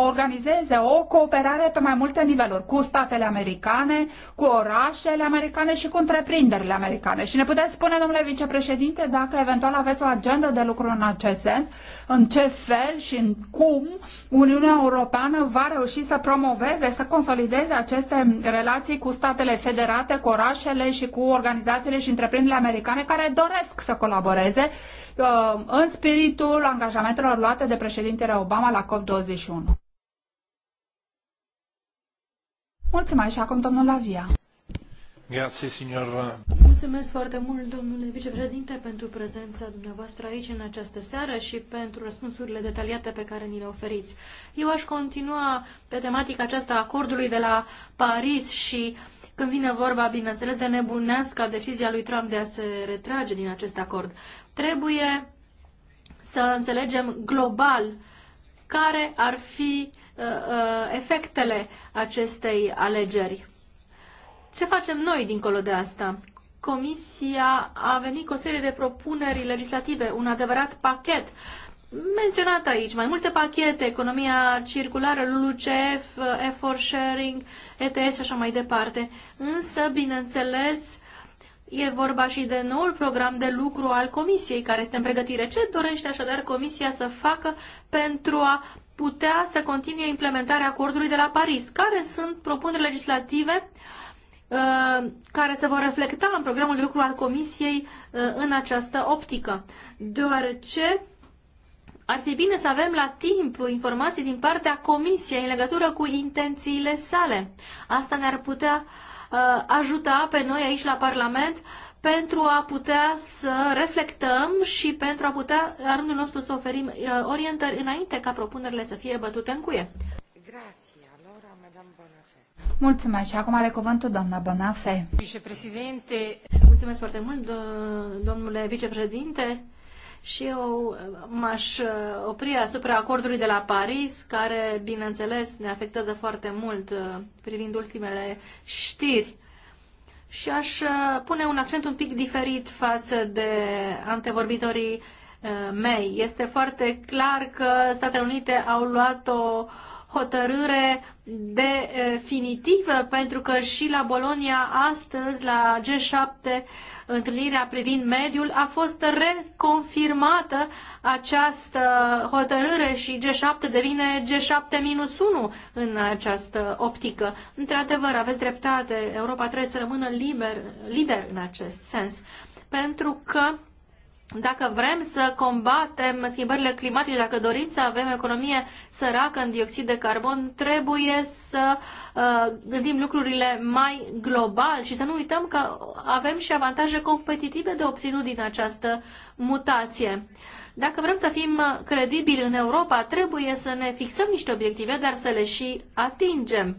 organizeze o cooperare pe mai multe niveluri cu statele americane, cu orașele americane și cu întreprinderile americane. Și ne puteți spune, domnule vicepreședinte, dacă eventual aveți o agendă de lucru în acest sens, în ce fel și în cum Uniunea Europeană va reuși să promoveze, să consolideze aceste relații cu statele federate, cu orașele și cu organizațiile și întreprinderile americane care doresc să colaboreze în spiritul angajamentelor luate de președintele Obama la COP21. Mulțumesc și acum domnul Lavia. Grazie, signor. Mulțumesc foarte mult, domnule vicepreședinte, pentru prezența dumneavoastră aici în această seară și pentru răspunsurile detaliate pe care ni le oferiți. Eu aș continua pe tematica aceasta a acordului de la Paris și când vine vorba, bineînțeles, de nebunească decizia lui Trump de a se retrage din acest acord. Trebuie să înțelegem global care ar fi uh, uh, efectele acestei alegeri. Ce facem noi dincolo de asta? Comisia a venit cu o serie de propuneri legislative, un adevărat pachet menționat aici, mai multe pachete, economia circulară, LULUCF, uh, effort sharing, ETS și așa mai departe. Însă, bineînțeles, E vorba și de noul program de lucru al Comisiei care este în pregătire. Ce dorește așadar Comisia să facă pentru a putea să continue implementarea acordului de la Paris? Care sunt propuneri legislative uh, care se vor reflecta în programul de lucru al Comisiei uh, în această optică? Deoarece ar fi bine să avem la timp informații din partea Comisiei în legătură cu intențiile sale. Asta ne-ar putea uh, Uh, ajuta pe noi aici la Parlament pentru a putea să reflectăm și pentru a putea, la rândul nostru, să oferim uh, orientări înainte ca propunerile să fie bătute în cuie. Mulțumesc. Și acum are cuvântul doamna Bonafe. Vicepreședinte. Mulțumesc foarte mult, domnule vicepreședinte și eu uh, m-aș uh, opri asupra acordului de la Paris, care, bineînțeles, ne afectează foarte mult uh, privind ultimele știri. Și aș pune un accent un pic diferit față de antevorbitorii mei. Este foarte clar că Statele Unite au luat o hotărâre definitivă, pentru că și la Bolonia astăzi, la G7, întâlnirea privind mediul, a fost reconfirmată această hotărâre și G7 devine G7-1 în această optică. Într-adevăr, aveți dreptate, Europa trebuie să rămână liber, lider în acest sens, pentru că dacă vrem să combatem schimbările climatice, dacă dorim să avem economie săracă în dioxid de carbon, trebuie să uh, gândim lucrurile mai global și să nu uităm că avem și avantaje competitive de obținut din această mutație. Dacă vrem să fim credibili în Europa, trebuie să ne fixăm niște obiective, dar să le și atingem.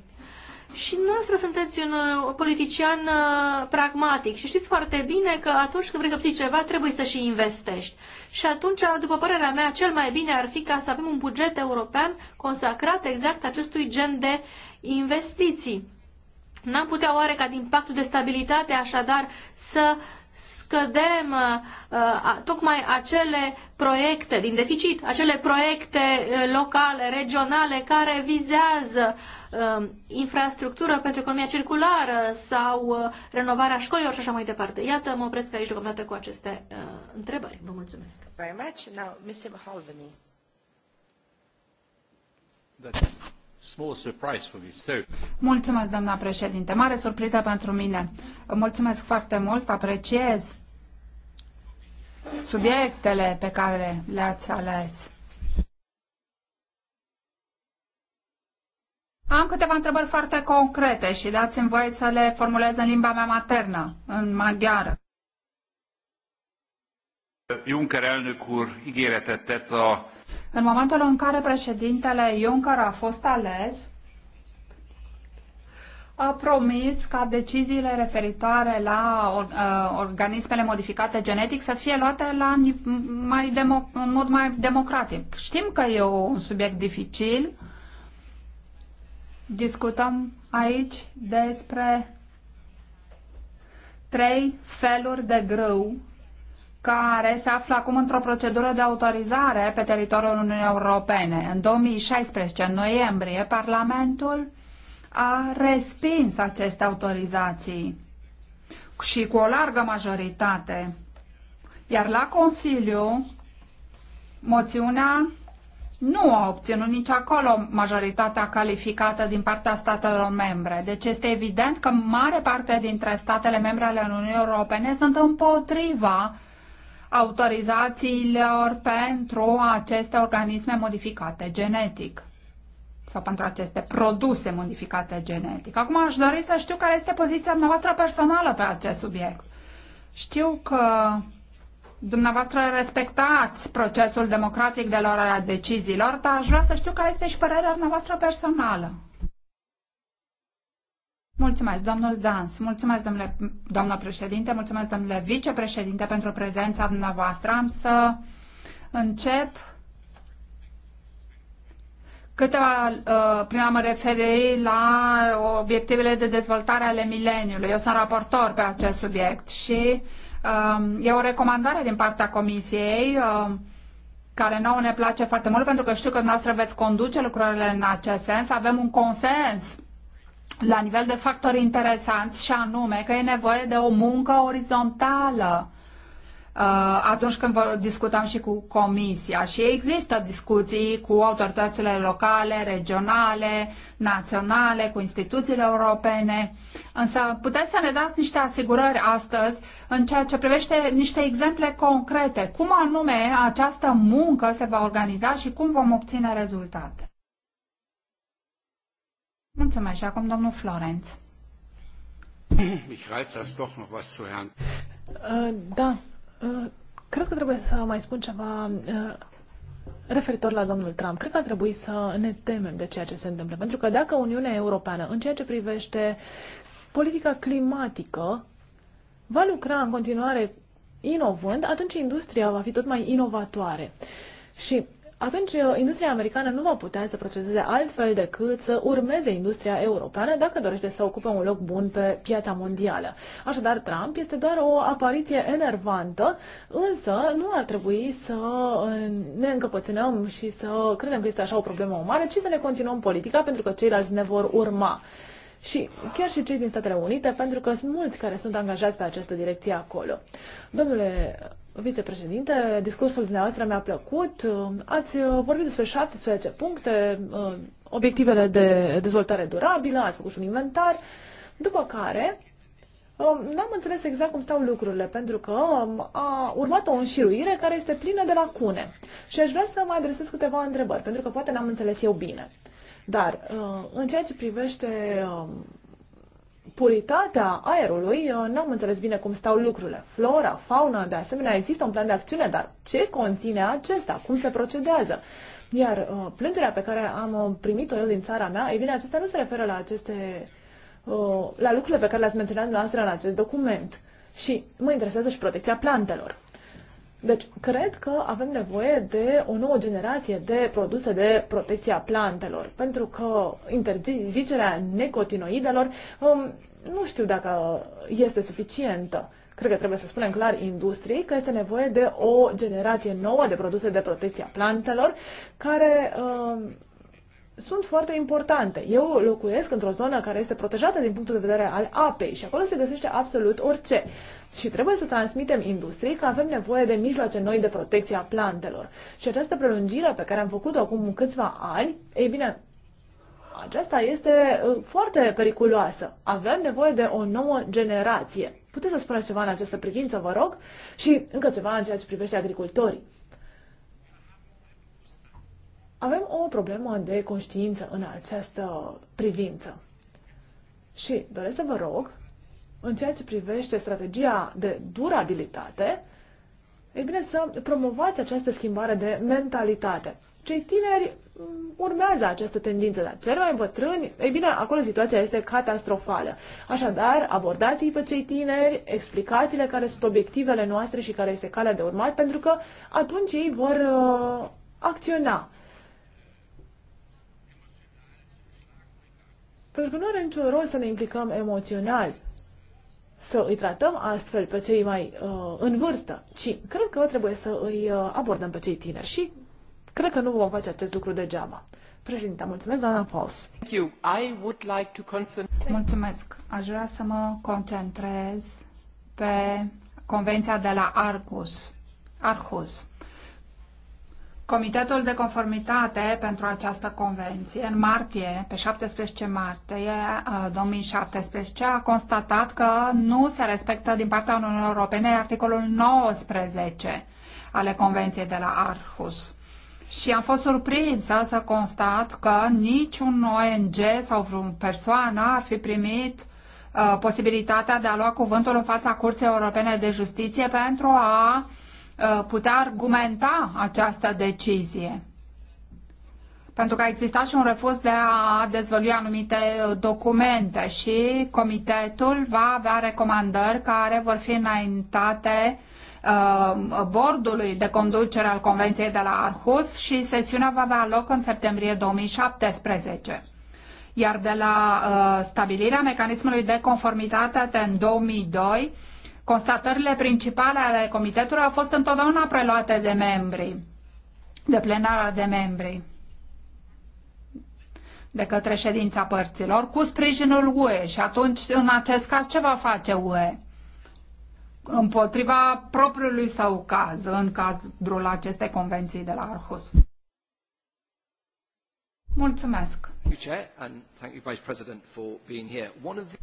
Și noastră sunteți un uh, politician uh, pragmatic și știți foarte bine că atunci când vrei să obții ceva, trebuie să și investești. Și atunci, după părerea mea, cel mai bine ar fi ca să avem un buget european consacrat exact acestui gen de investiții. N-am putea oare ca din pactul de stabilitate așadar să uh, scădem uh, uh, tocmai acele proiecte din deficit, acele proiecte uh, locale, regionale, care vizează um, infrastructură pentru economia circulară sau renovarea școlilor și așa mai departe. Iată, mă opresc aici deocamdată cu aceste uh, întrebări. Vă mulțumesc. Very much. Now, Mr. Mulțumesc, doamna președinte. Mare surpriză pentru mine. Mulțumesc foarte mult, apreciez subiectele pe care le-ați ales. Am câteva întrebări foarte concrete și dați-mi voie să le formulez în limba mea maternă, în maghiară. Juncker elnök úr ígéretet tett a în momentul în care președintele Juncker a fost ales, a promis ca deciziile referitoare la uh, organismele modificate genetic să fie luate la mai în mod mai democratic. Știm că e un subiect dificil. Discutăm aici despre trei feluri de grâu care se află acum într-o procedură de autorizare pe teritoriul Uniunii Europene. În 2016, în noiembrie, Parlamentul a respins aceste autorizații și cu o largă majoritate. Iar la Consiliu, moțiunea nu a obținut nici acolo majoritatea calificată din partea statelor membre. Deci este evident că mare parte dintre statele membre ale Uniunii Europene sunt împotriva autorizațiilor pentru aceste organisme modificate genetic sau pentru aceste produse modificate genetic. Acum aș dori să știu care este poziția noastră personală pe acest subiect. Știu că dumneavoastră respectați procesul democratic de luare a deciziilor, dar aș vrea să știu care este și părerea noastră personală. Mulțumesc, domnul Dans. Mulțumesc, domnule, doamna președinte. Mulțumesc, domnule vicepreședinte, pentru prezența dumneavoastră. Am să încep câteva, uh, prin a mă referi la obiectivele de dezvoltare ale mileniului. Eu sunt raportor pe acest subiect și uh, e o recomandare din partea Comisiei um, care nouă ne place foarte mult pentru că știu că dumneavoastră veți conduce lucrurile în acest sens. Avem un consens la nivel de factori interesanți și anume că e nevoie de o muncă orizontală uh, atunci când discutăm și cu Comisia. Și există discuții cu autoritățile locale, regionale, naționale, cu instituțiile europene, însă puteți să ne dați niște asigurări astăzi în ceea ce privește niște exemple concrete. Cum anume această muncă se va organiza și cum vom obține rezultate? Mulțumesc. acum domnul Florenț. Uh, da, uh, cred că trebuie să mai spun ceva uh, referitor la domnul Trump. Cred că ar trebui să ne temem de ceea ce se întâmplă. Pentru că dacă Uniunea Europeană, în ceea ce privește politica climatică, va lucra în continuare inovând, atunci industria va fi tot mai inovatoare. Și atunci uh, industria americană nu va putea să proceseze altfel decât să urmeze industria europeană dacă dorește să ocupe un loc bun pe piața mondială. Așadar, Trump este doar o apariție enervantă, însă nu ar trebui să uh, ne încăpățânăm și să credem că este așa o problemă mare, ci să ne continuăm politica pentru că ceilalți ne vor urma. Și chiar și cei din Statele Unite, pentru că sunt mulți care sunt angajați pe această direcție acolo. Domnule vicepreședinte, discursul dumneavoastră mi-a plăcut. Ați uh, vorbit despre 17 puncte, uh, obiectivele de dezvoltare durabilă, ați făcut și un inventar, după care um, n-am înțeles exact cum stau lucrurile, pentru că um, a urmat o înșiruire care este plină de lacune. Și aș vrea să mă adresez câteva întrebări, pentru că poate n-am înțeles eu bine. Dar uh, în ceea ce privește um, puritatea aerului, n-am înțeles bine cum stau lucrurile. Flora, fauna, de asemenea, există un plan de acțiune, dar ce conține acesta? Cum se procedează? Iar uh, plângerea pe care am uh, primit-o eu din țara mea, ei bine, acesta nu se referă la aceste uh, la lucrurile pe care le-ați menționat noastră în acest document. Și mă interesează și protecția plantelor. Deci, cred că avem nevoie de o nouă generație de produse de protecție a plantelor, pentru că interzicerea necotinoidelor um, nu știu dacă este suficientă. Cred că trebuie să spunem clar industriei că este nevoie de o generație nouă de produse de protecție a plantelor care uh, sunt foarte importante. Eu locuiesc într-o zonă care este protejată din punctul de vedere al apei și acolo se găsește absolut orice. Și trebuie să transmitem industriei că avem nevoie de mijloace noi de protecție a plantelor. Și această prelungire pe care am făcut-o acum câțiva ani, ei bine, aceasta este uh, foarte periculoasă. Avem nevoie de o nouă generație. Puteți să spuneți ceva în această privință, vă rog, și încă ceva în ceea ce privește agricultorii. Avem o problemă de conștiință în această privință. Și doresc să vă rog, în ceea ce privește strategia de durabilitate, e bine să promovați această schimbare de mentalitate. Cei tineri Mm, urmează această tendință, dar cel mai bătrâni, ei bine, acolo situația este catastrofală. Așadar, abordați-i pe cei tineri, explicați-le care sunt obiectivele noastre și care este calea de urmat, pentru că atunci ei vor uh, acționa. Pentru că nu are niciun rost să ne implicăm emoțional, să îi tratăm astfel pe cei mai uh, în vârstă, ci cred că trebuie să îi uh, abordăm pe cei tineri și Cred că nu vom face acest lucru degeaba. Președinte, mulțumesc, doamna Pauls. Mulțumesc. Aș vrea să mă concentrez pe convenția de la Arcus. Arhus. Comitetul de conformitate pentru această convenție, în martie, pe 17 martie 2017, uh, a constatat că nu se respectă din partea Uniunii Europene articolul 19 ale convenției de la Arhus și am fost surprinsă să constat că niciun ONG sau vreun persoană ar fi primit uh, posibilitatea de a lua cuvântul în fața Curții Europene de Justiție pentru a uh, putea argumenta această decizie. Pentru că existat și un refuz de a dezvălui anumite uh, documente și comitetul va avea recomandări care vor fi înaintate Uh, bordului de conducere al Convenției de la Arhus și sesiunea va avea loc în septembrie 2017 iar de la uh, stabilirea mecanismului de conformitate în 2002, constatările principale ale comitetului au fost întotdeauna preluate de membri, de plenara de membri, de către ședința părților, cu sprijinul UE. Și atunci, în acest caz, ce va face UE? împotriva propriului său caz în cadrul acestei convenții de la Arhus. Mulțumesc.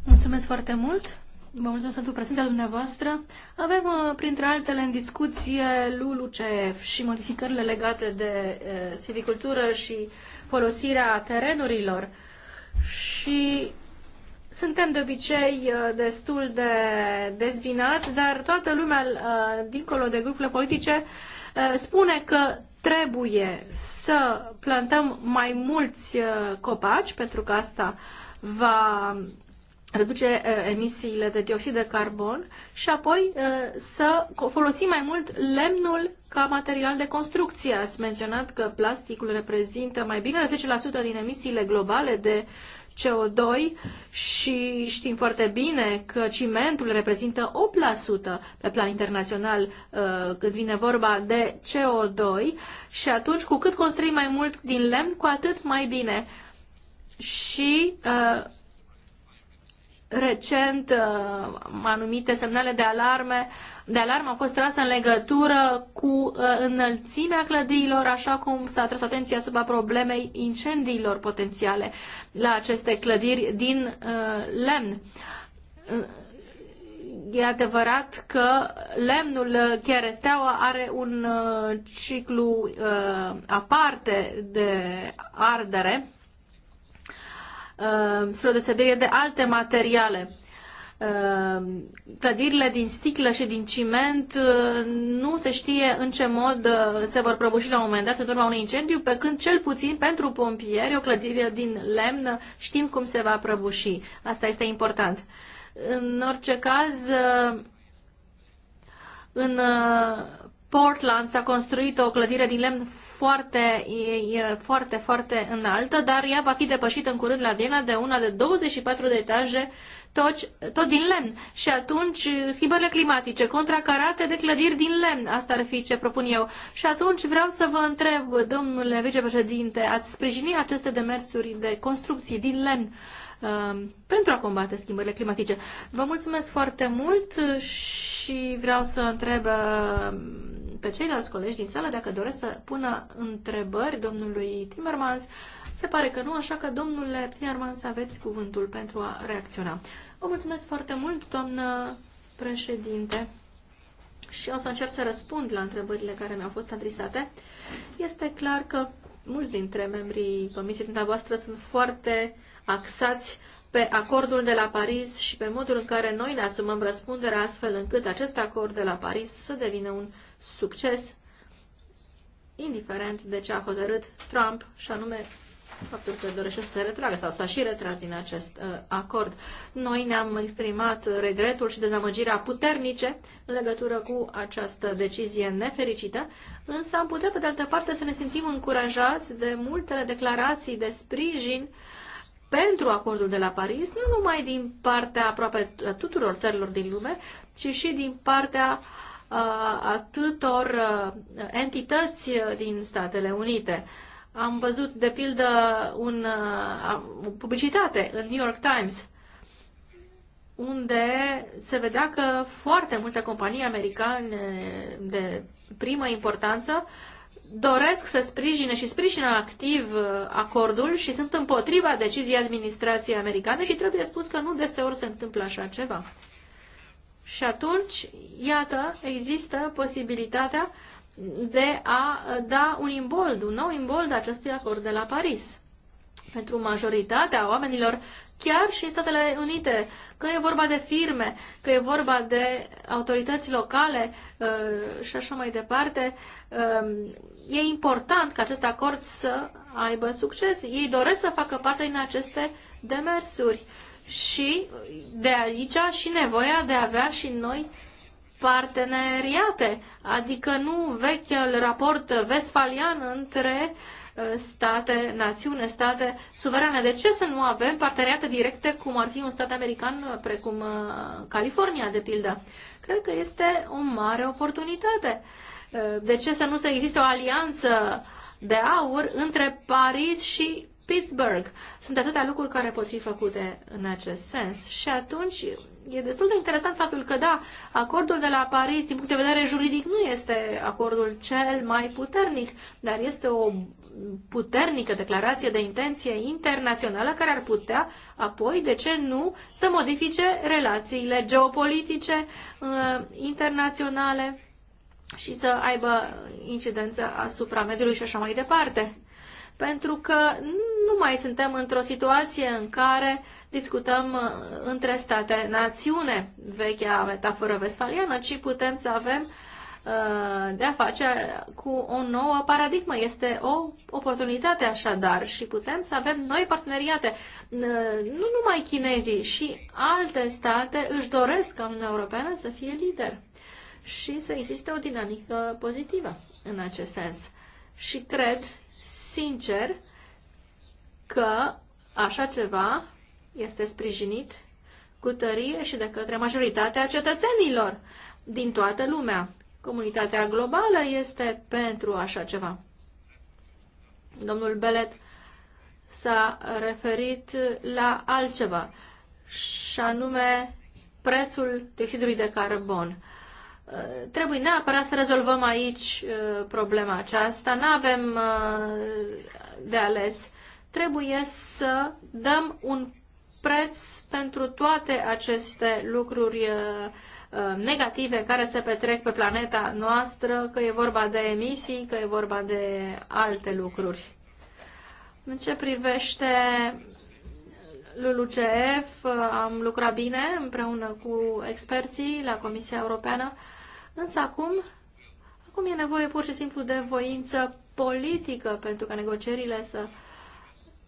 Mulțumesc foarte mult. Vă mulțumesc pentru prezența dumneavoastră. Avem, uh, printre altele, în discuție LULUCF și modificările legate de uh, silvicultură și folosirea terenurilor. Și suntem de obicei uh, destul de dezbinați, dar toată lumea, uh, dincolo de grupurile politice, uh, spune că trebuie să plantăm mai mulți copaci, pentru că asta va reduce emisiile de dioxid de carbon și apoi să folosim mai mult lemnul ca material de construcție. Ați menționat că plasticul reprezintă mai bine de 10% din emisiile globale de CO2 și știm foarte bine că cimentul reprezintă 8% pe plan internațional uh, când vine vorba de CO2 și atunci cu cât construim mai mult din lemn, cu atât mai bine. Și uh, recent uh, anumite semnale de alarme de alarmă au fost trase în legătură cu uh, înălțimea clădirilor, așa cum s-a tras atenția asupra problemei incendiilor potențiale la aceste clădiri din uh, lemn. E adevărat că lemnul cheresteaua are un ciclu aparte de ardere, Ehm, spre o deosebire de alte materiale. Ehm, clădirile din sticlă și din ciment eh, nu se știe în ce mod eh, se vor prăbuși la un moment dat în urma unui incendiu, pe când cel puțin pentru pompieri o clădire din lemn știm cum se va prăbuși. Asta este important. În orice caz, eh, în Portland s-a construit o clădire din lemn foarte, e, e foarte, foarte înaltă, dar ea va fi depășită în curând la Viena de una de 24 de etaje, tot, tot din lemn. Și atunci schimbările climatice, contracarate de clădiri din lemn, asta ar fi ce propun eu. Și atunci vreau să vă întreb, domnule vicepreședinte, ați sprijini aceste demersuri de construcții din lemn? Um, pentru a combate schimbările climatice. Vă mulțumesc foarte mult și vreau să întreb um, pe ceilalți colegi din sală dacă doresc să pună întrebări domnului Timmermans. Se pare că nu, așa că, domnule Timmermans, aveți cuvântul pentru a reacționa. Vă mulțumesc foarte mult, doamnă președinte. Și o să încerc să răspund la întrebările care mi-au fost adresate. Este clar că mulți dintre membrii comisiei dumneavoastră sunt foarte axați pe acordul de la Paris și pe modul în care noi ne asumăm răspunderea astfel încât acest acord de la Paris să devină un succes, indiferent de ce a hotărât Trump, și anume faptul că dorește să se retragă sau s-a și retras din acest uh, acord. Noi ne-am exprimat regretul și dezamăgirea puternice în legătură cu această decizie nefericită, însă am putea, pe de altă parte, să ne simțim încurajați de multele declarații de sprijin pentru acordul de la Paris, nu numai din partea aproape tuturor țărilor din lume, ci și din partea uh, atâtor tuturor entități din Statele Unite. Am văzut, de pildă, un, o publicitate în New York Times unde se vedea că foarte multe companii americane de primă importanță doresc să sprijine și sprijină activ acordul și sunt împotriva deciziei administrației americane și trebuie spus că nu deseori se întâmplă așa ceva. Și atunci, iată, există posibilitatea de a da un imbold, un nou imbold acestui acord de la Paris. Pentru majoritatea oamenilor, chiar și în Statele Unite, că e vorba de firme, că e vorba de autorități locale uh, și așa mai departe, um, e important ca acest acord să aibă succes. Ei doresc să facă parte din aceste demersuri și de aici și nevoia de a avea și noi parteneriate, adică nu vechiul raport vestfalian între uh, state, națiune, state suverane. De ce să nu avem parteneriate directe cum ar fi un stat american uh, precum uh, California, de pildă? Cred că este o mare oportunitate. De ce să nu să existe o alianță de aur între Paris și Pittsburgh. Sunt atâtea lucruri care pot fi făcute în acest sens. Și atunci e destul de interesant faptul că, da, acordul de la Paris, din punct de vedere juridic, nu este acordul cel mai puternic, dar este o puternică declarație de intenție internațională care ar putea apoi, de ce nu, să modifice relațiile geopolitice uh, internaționale și să aibă incidență asupra mediului și așa mai departe pentru că nu mai suntem într-o situație în care discutăm uh, între state-națiune, vechea metaforă vestfaliană, ci putem să avem uh, de a face cu o nouă paradigmă. Este o oportunitate așadar și putem să avem noi parteneriate. Uh, nu numai chinezii și alte state își doresc ca Uniunea Europeană să fie lider și să existe o dinamică pozitivă în acest sens. Și cred sincer că așa ceva este sprijinit cu tărie și de către majoritatea cetățenilor din toată lumea. Comunitatea globală este pentru așa ceva. Domnul Belet s-a referit la altceva, și anume prețul dioxidului de carbon. Eh, trebuie neapărat să rezolvăm aici eh, problema aceasta. Nu avem eh, de ales. Trebuie să dăm un preț pentru toate aceste lucruri negative care se petrec pe planeta noastră, că e vorba de emisii, că e vorba de alte lucruri. În ce privește LULUCF uh, am lucrat bine împreună cu experții la Comisia Europeană, însă acum, acum e nevoie pur și simplu de voință politică pentru ca negocierile să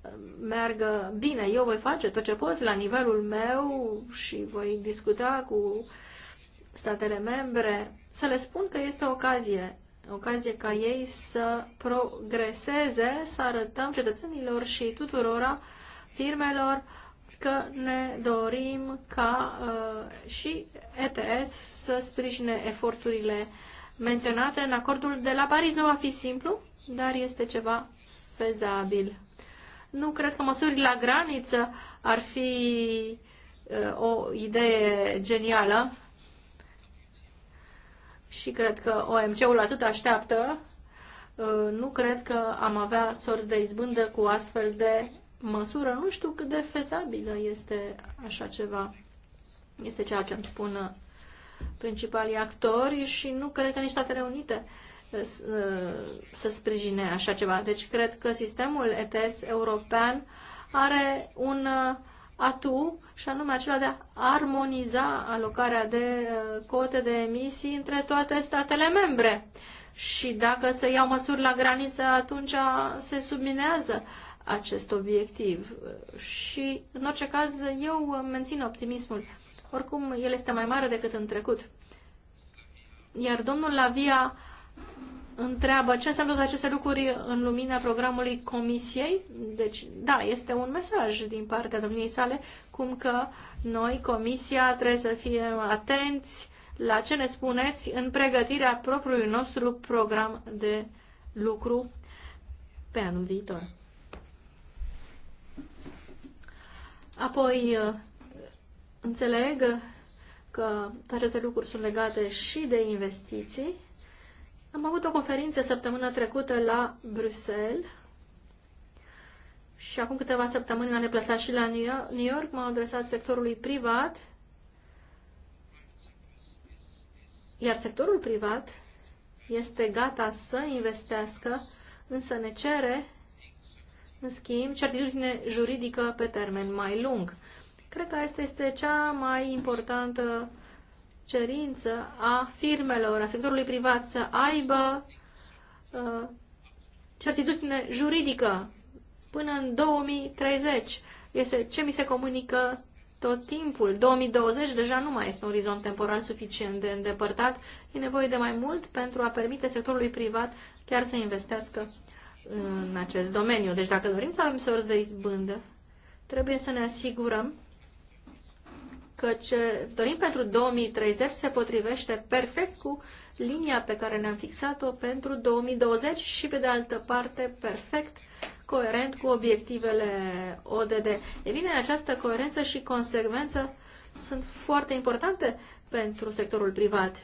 uh, meargă bine. Eu voi face tot ce pot la nivelul meu și voi discuta cu statele membre să le spun că este o ocazie ocazie ca ei să progreseze, să arătăm cetățenilor și tuturora firmelor că ne dorim ca uh, și ETS să sprijine eforturile menționate în acordul de la Paris. Nu va fi simplu, dar este ceva fezabil. Nu cred că măsurile la graniță ar fi uh, o idee genială și cred că OMC-ul atât așteaptă. Uh, nu cred că am avea sorți de izbândă cu astfel de măsură. Nu știu cât de fezabilă este așa ceva. Este ceea ce îmi spun uh, principalii actori și nu cred că nici Statele Unite uh, uh, să sprijine așa ceva. Deci cred că sistemul ETS european are un atu și anume acela de a armoniza alocarea de cote de emisii între toate statele membre. Și dacă se iau măsuri la graniță, atunci se subminează uh, acest obiectiv. Și, în orice caz, eu mențin optimismul. Oricum, el este mai mare decât în trecut. Iar domnul Lavia întreabă ce înseamnă toate aceste lucruri în lumina programului Comisiei. Deci, da, este un mesaj din partea domniei sale, cum că noi, Comisia, trebuie să fim atenți la ce ne spuneți în pregătirea propriului nostru program de lucru pe anul viitor. Apoi, uh, înțeleg că aceste lucruri sunt legate și de investiții. Am avut o conferință săptămâna trecută la Bruxelles și acum câteva săptămâni m-am deplasat și la New York, m-am adresat sectorului privat, iar sectorul privat este gata să investească, însă ne cere în schimb, certitudine juridică pe termen mai lung. Cred că asta este cea mai importantă cerință a firmelor, a sectorului privat să aibă uh, certitudine juridică până în 2030. Este ce mi se comunică tot timpul. 2020 deja nu mai este un orizont temporal suficient de îndepărtat. E nevoie de mai mult pentru a permite sectorului privat chiar să investească în acest domeniu. Deci dacă dorim să avem sorți de izbândă, trebuie să ne asigurăm că ce dorim pentru 2030 se potrivește perfect cu linia pe care ne-am fixat-o pentru 2020 și, pe de altă parte, perfect coerent cu obiectivele ODD. E bine, această coerență și consecvență sunt foarte importante pentru sectorul privat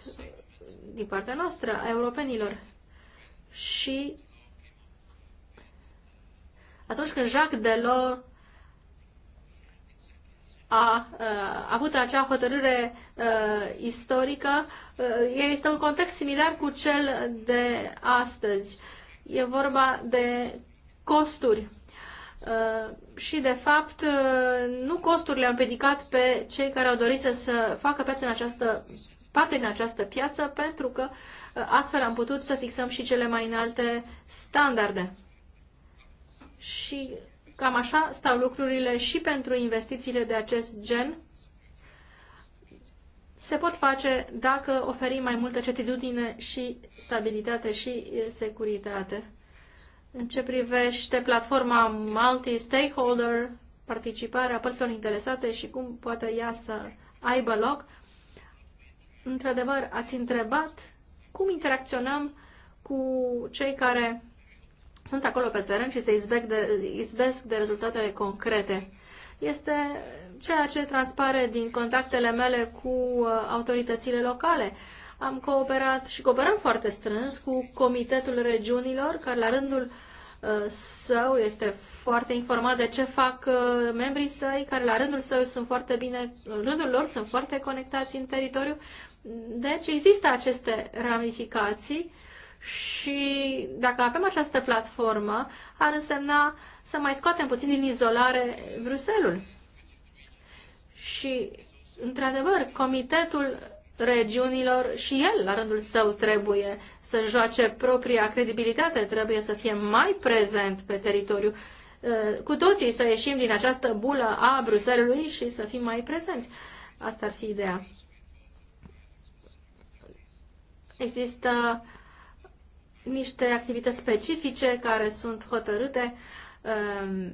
din partea noastră, a europenilor. Și atunci când Jacques Delors a, uh, a avut acea hotărâre a, uh, istorică, a, uh, este un context similar cu cel de astăzi. E vorba de costuri. Uh, și, de fapt, nu costurile au împiedicat pe cei care au dorit să, să facă piață în această, parte din această piață, pentru că astfel am putut să fixăm și cele mai înalte standarde și cam așa stau lucrurile și pentru investițiile de acest gen. Se pot face dacă oferim mai multă certitudine și stabilitate și securitate. În ce privește platforma multi-stakeholder, participarea părților interesate și cum poate ea să aibă loc, într-adevăr, ați întrebat cum interacționăm cu cei care sunt acolo pe teren și se izbesc de, izbesc de rezultatele concrete. Este ceea ce transpare din contactele mele cu uh, autoritățile locale. Am cooperat și cooperăm foarte strâns cu Comitetul Regiunilor, care la rândul uh, său este foarte informat de ce fac uh, membrii săi, care la rândul său sunt foarte bine, rândul lor sunt foarte conectați în teritoriu. Deci există aceste ramificații și dacă avem această platformă, ar însemna să mai scoatem puțin din izolare Bruselul. Și, într-adevăr, Comitetul Regiunilor și el, la rândul său, trebuie să joace propria credibilitate, trebuie să fie mai prezent pe teritoriu. Uh, cu toții să ieșim din această bulă a Bruselului și să fim mai prezenți. Asta ar fi ideea. Există niște activități specifice care sunt hotărâte um,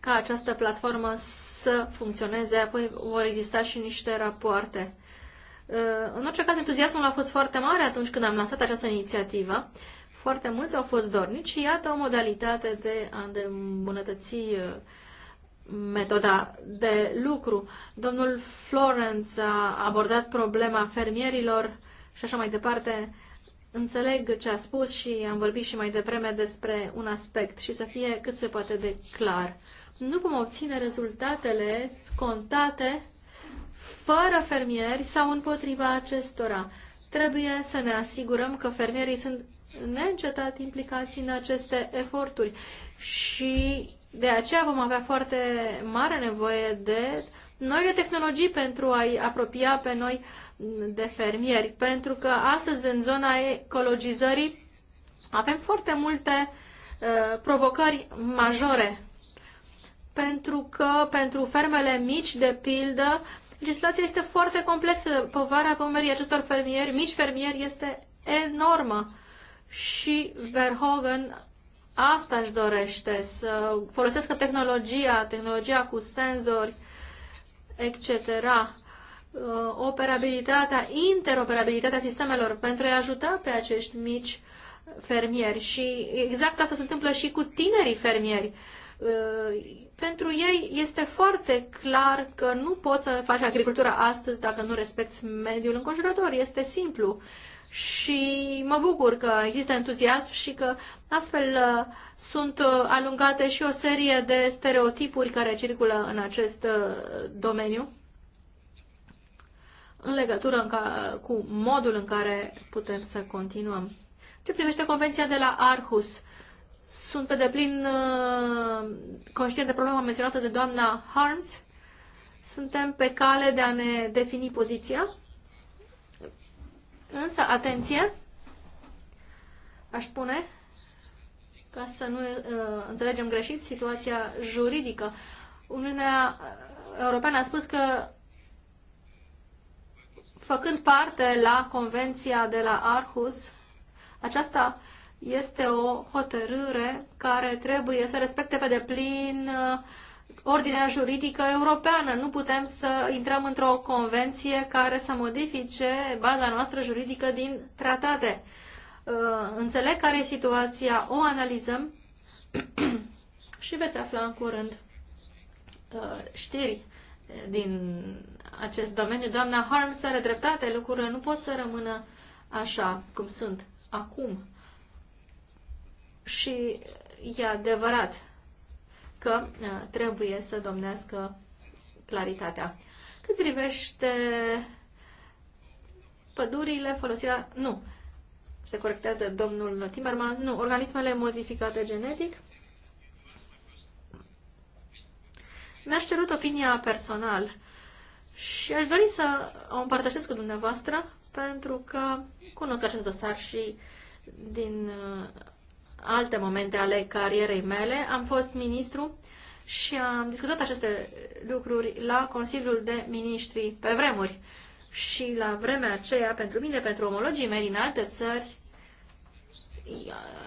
ca această platformă să funcționeze, apoi vor exista și niște rapoarte. Uh, în orice caz, entuziasmul a fost foarte mare atunci când am lansat această inițiativă. Foarte mulți au fost dornici și iată o modalitate de a îmbunătăți uh, metoda de lucru. Domnul Florence a abordat problema fermierilor și așa mai departe. Înțeleg ce a spus și am vorbit și mai devreme despre un aspect și să fie cât se poate de clar. Nu vom obține rezultatele scontate fără fermieri sau împotriva acestora. Trebuie să ne asigurăm că fermierii sunt neîncetat implicați în aceste eforturi și de aceea vom avea foarte mare nevoie de noile tehnologii pentru a-i apropia pe noi uh, de fermieri, pentru că astăzi în zona ecologizării avem foarte multe uh, provocări majore, pentru că pentru fermele mici, de pildă, legislația este foarte complexă, povara pe umerii acestor fermieri, mici fermieri, este enormă și Verhoeven asta își dorește, să folosească tehnologia, tehnologia cu senzori, etc. Uh, operabilitatea, interoperabilitatea sistemelor pentru a ajuta pe acești mici fermieri. Și exact asta se întâmplă și cu tinerii fermieri. Uh, pentru ei este foarte clar că nu poți să faci agricultura astăzi dacă nu respecti mediul înconjurător. Este simplu. Și mă bucur că există entuziasm și că astfel uh, sunt alungate și o serie de stereotipuri care circulă în acest domeniu în legătură în ca, cu modul în care putem să continuăm. Ce privește convenția de la Arhus, sunt pe deplin uh, conștient de problema menționată de doamna Harms. Suntem pe cale de a ne defini poziția. Însă, atenție, aș spune, ca să nu uh, înțelegem greșit situația juridică. Uniunea Europeană a spus că făcând parte la Convenția de la Arhus. Aceasta este o hotărâre care trebuie să respecte pe deplin uh, ordinea juridică europeană. Nu putem să intrăm într-o convenție care să modifice baza noastră juridică din tratate. Uh, înțeleg care e situația, o analizăm <clears throat> și veți afla în curând uh, știri din acest domeniu. Doamna Harms are dreptate, lucrurile nu pot să rămână așa cum sunt acum. Și e adevărat că uh, trebuie să domnească claritatea. Cât privește pădurile, folosirea... Nu, se corectează domnul Timmermans, nu, organismele modificate genetic. Mi-aș cerut opinia personală. Și aș dori să o împărtășesc cu dumneavoastră, pentru că cunosc acest dosar și din uh, alte momente ale carierei mele. Am fost ministru și am discutat aceste lucruri la Consiliul de Ministri pe vremuri. Și la vremea aceea, pentru mine, pentru omologii mei din alte țări,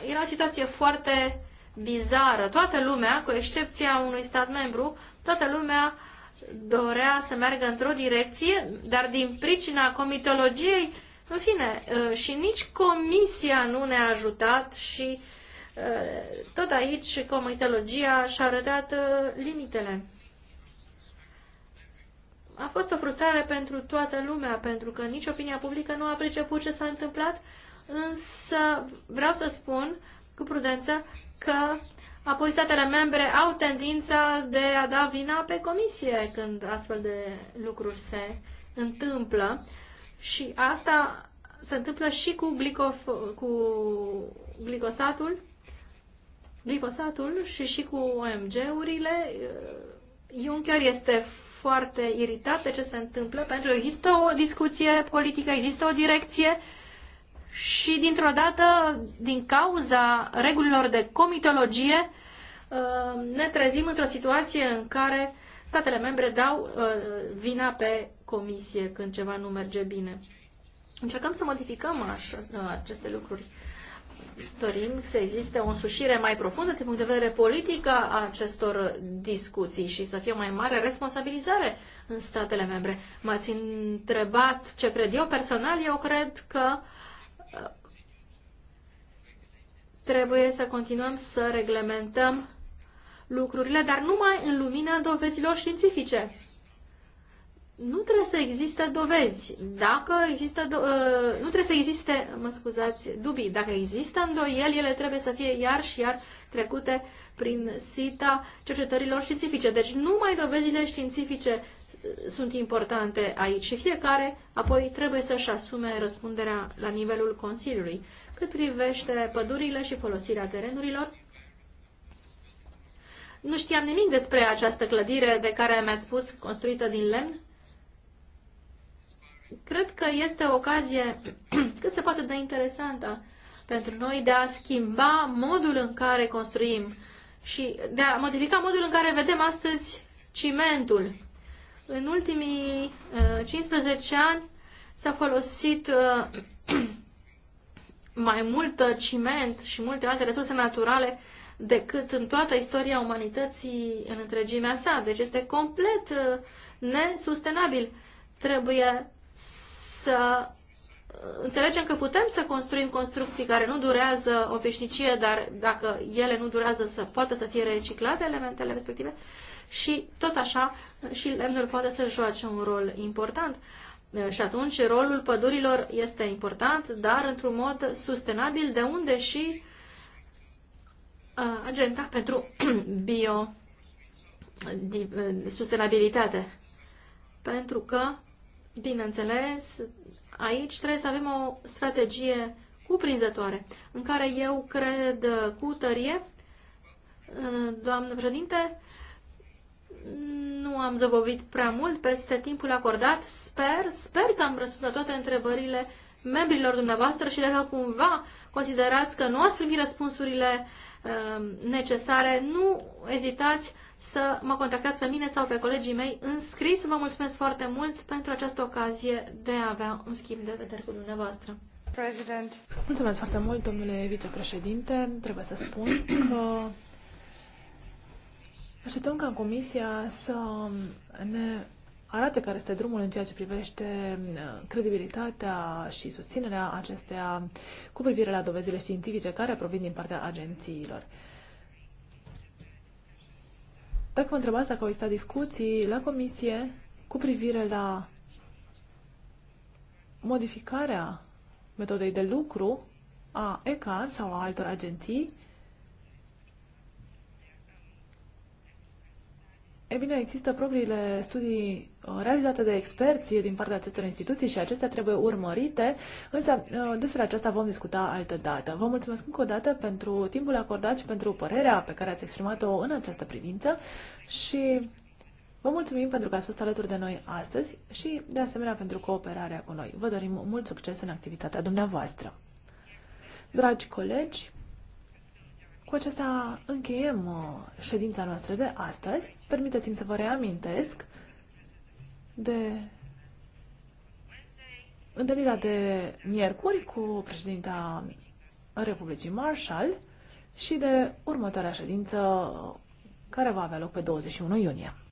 era o situație foarte bizară. Toată lumea, cu excepția unui stat membru, toată lumea dorea să meargă într-o direcție, dar din pricina comitologiei, în fine, uh, și nici comisia nu ne-a ajutat și uh, tot aici comitologia și-a arătat uh, limitele. A fost o frustrare pentru toată lumea, pentru că nici opinia publică nu a priceput ce s-a întâmplat, însă vreau să spun cu prudență că uh, apoi statele membre au tendința de a da vina pe comisie când astfel de lucruri se întâmplă și asta se întâmplă și cu, glicof- cu glicosatul, glicosatul și și cu OMG-urile. Juncker este foarte iritat de ce se întâmplă, pentru că există o discuție politică, există o direcție uh, și dintr-o dată, din cauza regulilor de comitologie, uh, ne trezim într-o situație în care statele membre dau uh, vina pe comisie când ceva nu merge bine. Încercăm să modificăm așa, uh, aceste lucruri. Dorim să existe o însușire mai profundă din punct de vedere politic a acestor discuții și să fie o mai mare responsabilizare în statele membre. M-ați întrebat ce cred eu personal. Eu cred că uh, Trebuie să continuăm să reglementăm lucrurile, dar numai în lumina dovezilor științifice. Nu trebuie să existe dovezi. Dacă există, do- ă, nu trebuie să existe, mă scuzați, dubii. Dacă există îndoieli, ele trebuie să fie iar și iar trecute prin sita cercetărilor științifice. Deci numai dovezile științifice ă, sunt importante aici și fiecare apoi trebuie să-și asume răspunderea la nivelul Consiliului cât privește pădurile și folosirea terenurilor. Nu știam nimic despre această clădire de care mi-ați spus, construită din lemn. Cred că este o ocazie <clears throat> cât se poate de interesantă pentru noi de a schimba modul în care construim și de a modifica modul în care vedem astăzi cimentul. În ultimii 15 uh, ani s-a folosit uh, <clears throat> mai mult uh, ciment și multe alte resurse naturale decât în toată istoria umanității în întregimea sa. Deci este complet uh, nesustenabil. Trebuie să uh, înțelegem că putem să construim construcții care nu durează o veșnicie, dar dacă ele nu durează să poată să fie reciclate elementele respective și tot așa și lemnul poate să joace un rol important. Și atunci rolul pădurilor este important, dar într-un mod sustenabil, de unde și agenda pentru <clears throat> bio sustenabilitate. Pentru că, bineînțeles, aici trebuie să avem o strategie cuprinzătoare, în care eu cred cu tărie, doamnă președinte, nu am zăbovit prea mult peste timpul acordat. Sper, sper că am răspuns la toate întrebările membrilor dumneavoastră și dacă cumva considerați că nu ați primit răspunsurile uh, necesare, nu ezitați să mă contactați pe mine sau pe colegii mei în scris. Vă mulțumesc foarte mult pentru această ocazie de a avea un schimb de vedere cu dumneavoastră. President. Mulțumesc foarte mult, domnule vicepreședinte. Trebuie să spun că Așteptăm ca Comisia să ne arate care este drumul în ceea ce privește uh, credibilitatea și susținerea acesteia cu privire la dovezile științifice care provin din partea agențiilor. Dacă vă întrebați dacă au existat discuții la comisie cu privire la modificarea metodei de lucru a ECAR sau a altor agenții, E bine, există propriile studii uh, realizate de experți din partea acestor instituții și acestea trebuie urmărite, însă uh, despre aceasta vom discuta altă dată. Vă mulțumesc încă o dată pentru timpul acordat și pentru părerea pe care ați exprimat-o în această privință și vă mulțumim pentru că ați fost alături de noi astăzi și, de asemenea, pentru cooperarea cu noi. Vă dorim mult succes în activitatea dumneavoastră. Dragi colegi, cu acesta încheiem uh, ședința noastră de astăzi. Permiteți-mi să vă reamintesc de întâlnirea de miercuri cu președinta Republicii Marshall și de următoarea ședință care va avea loc pe 21 iunie.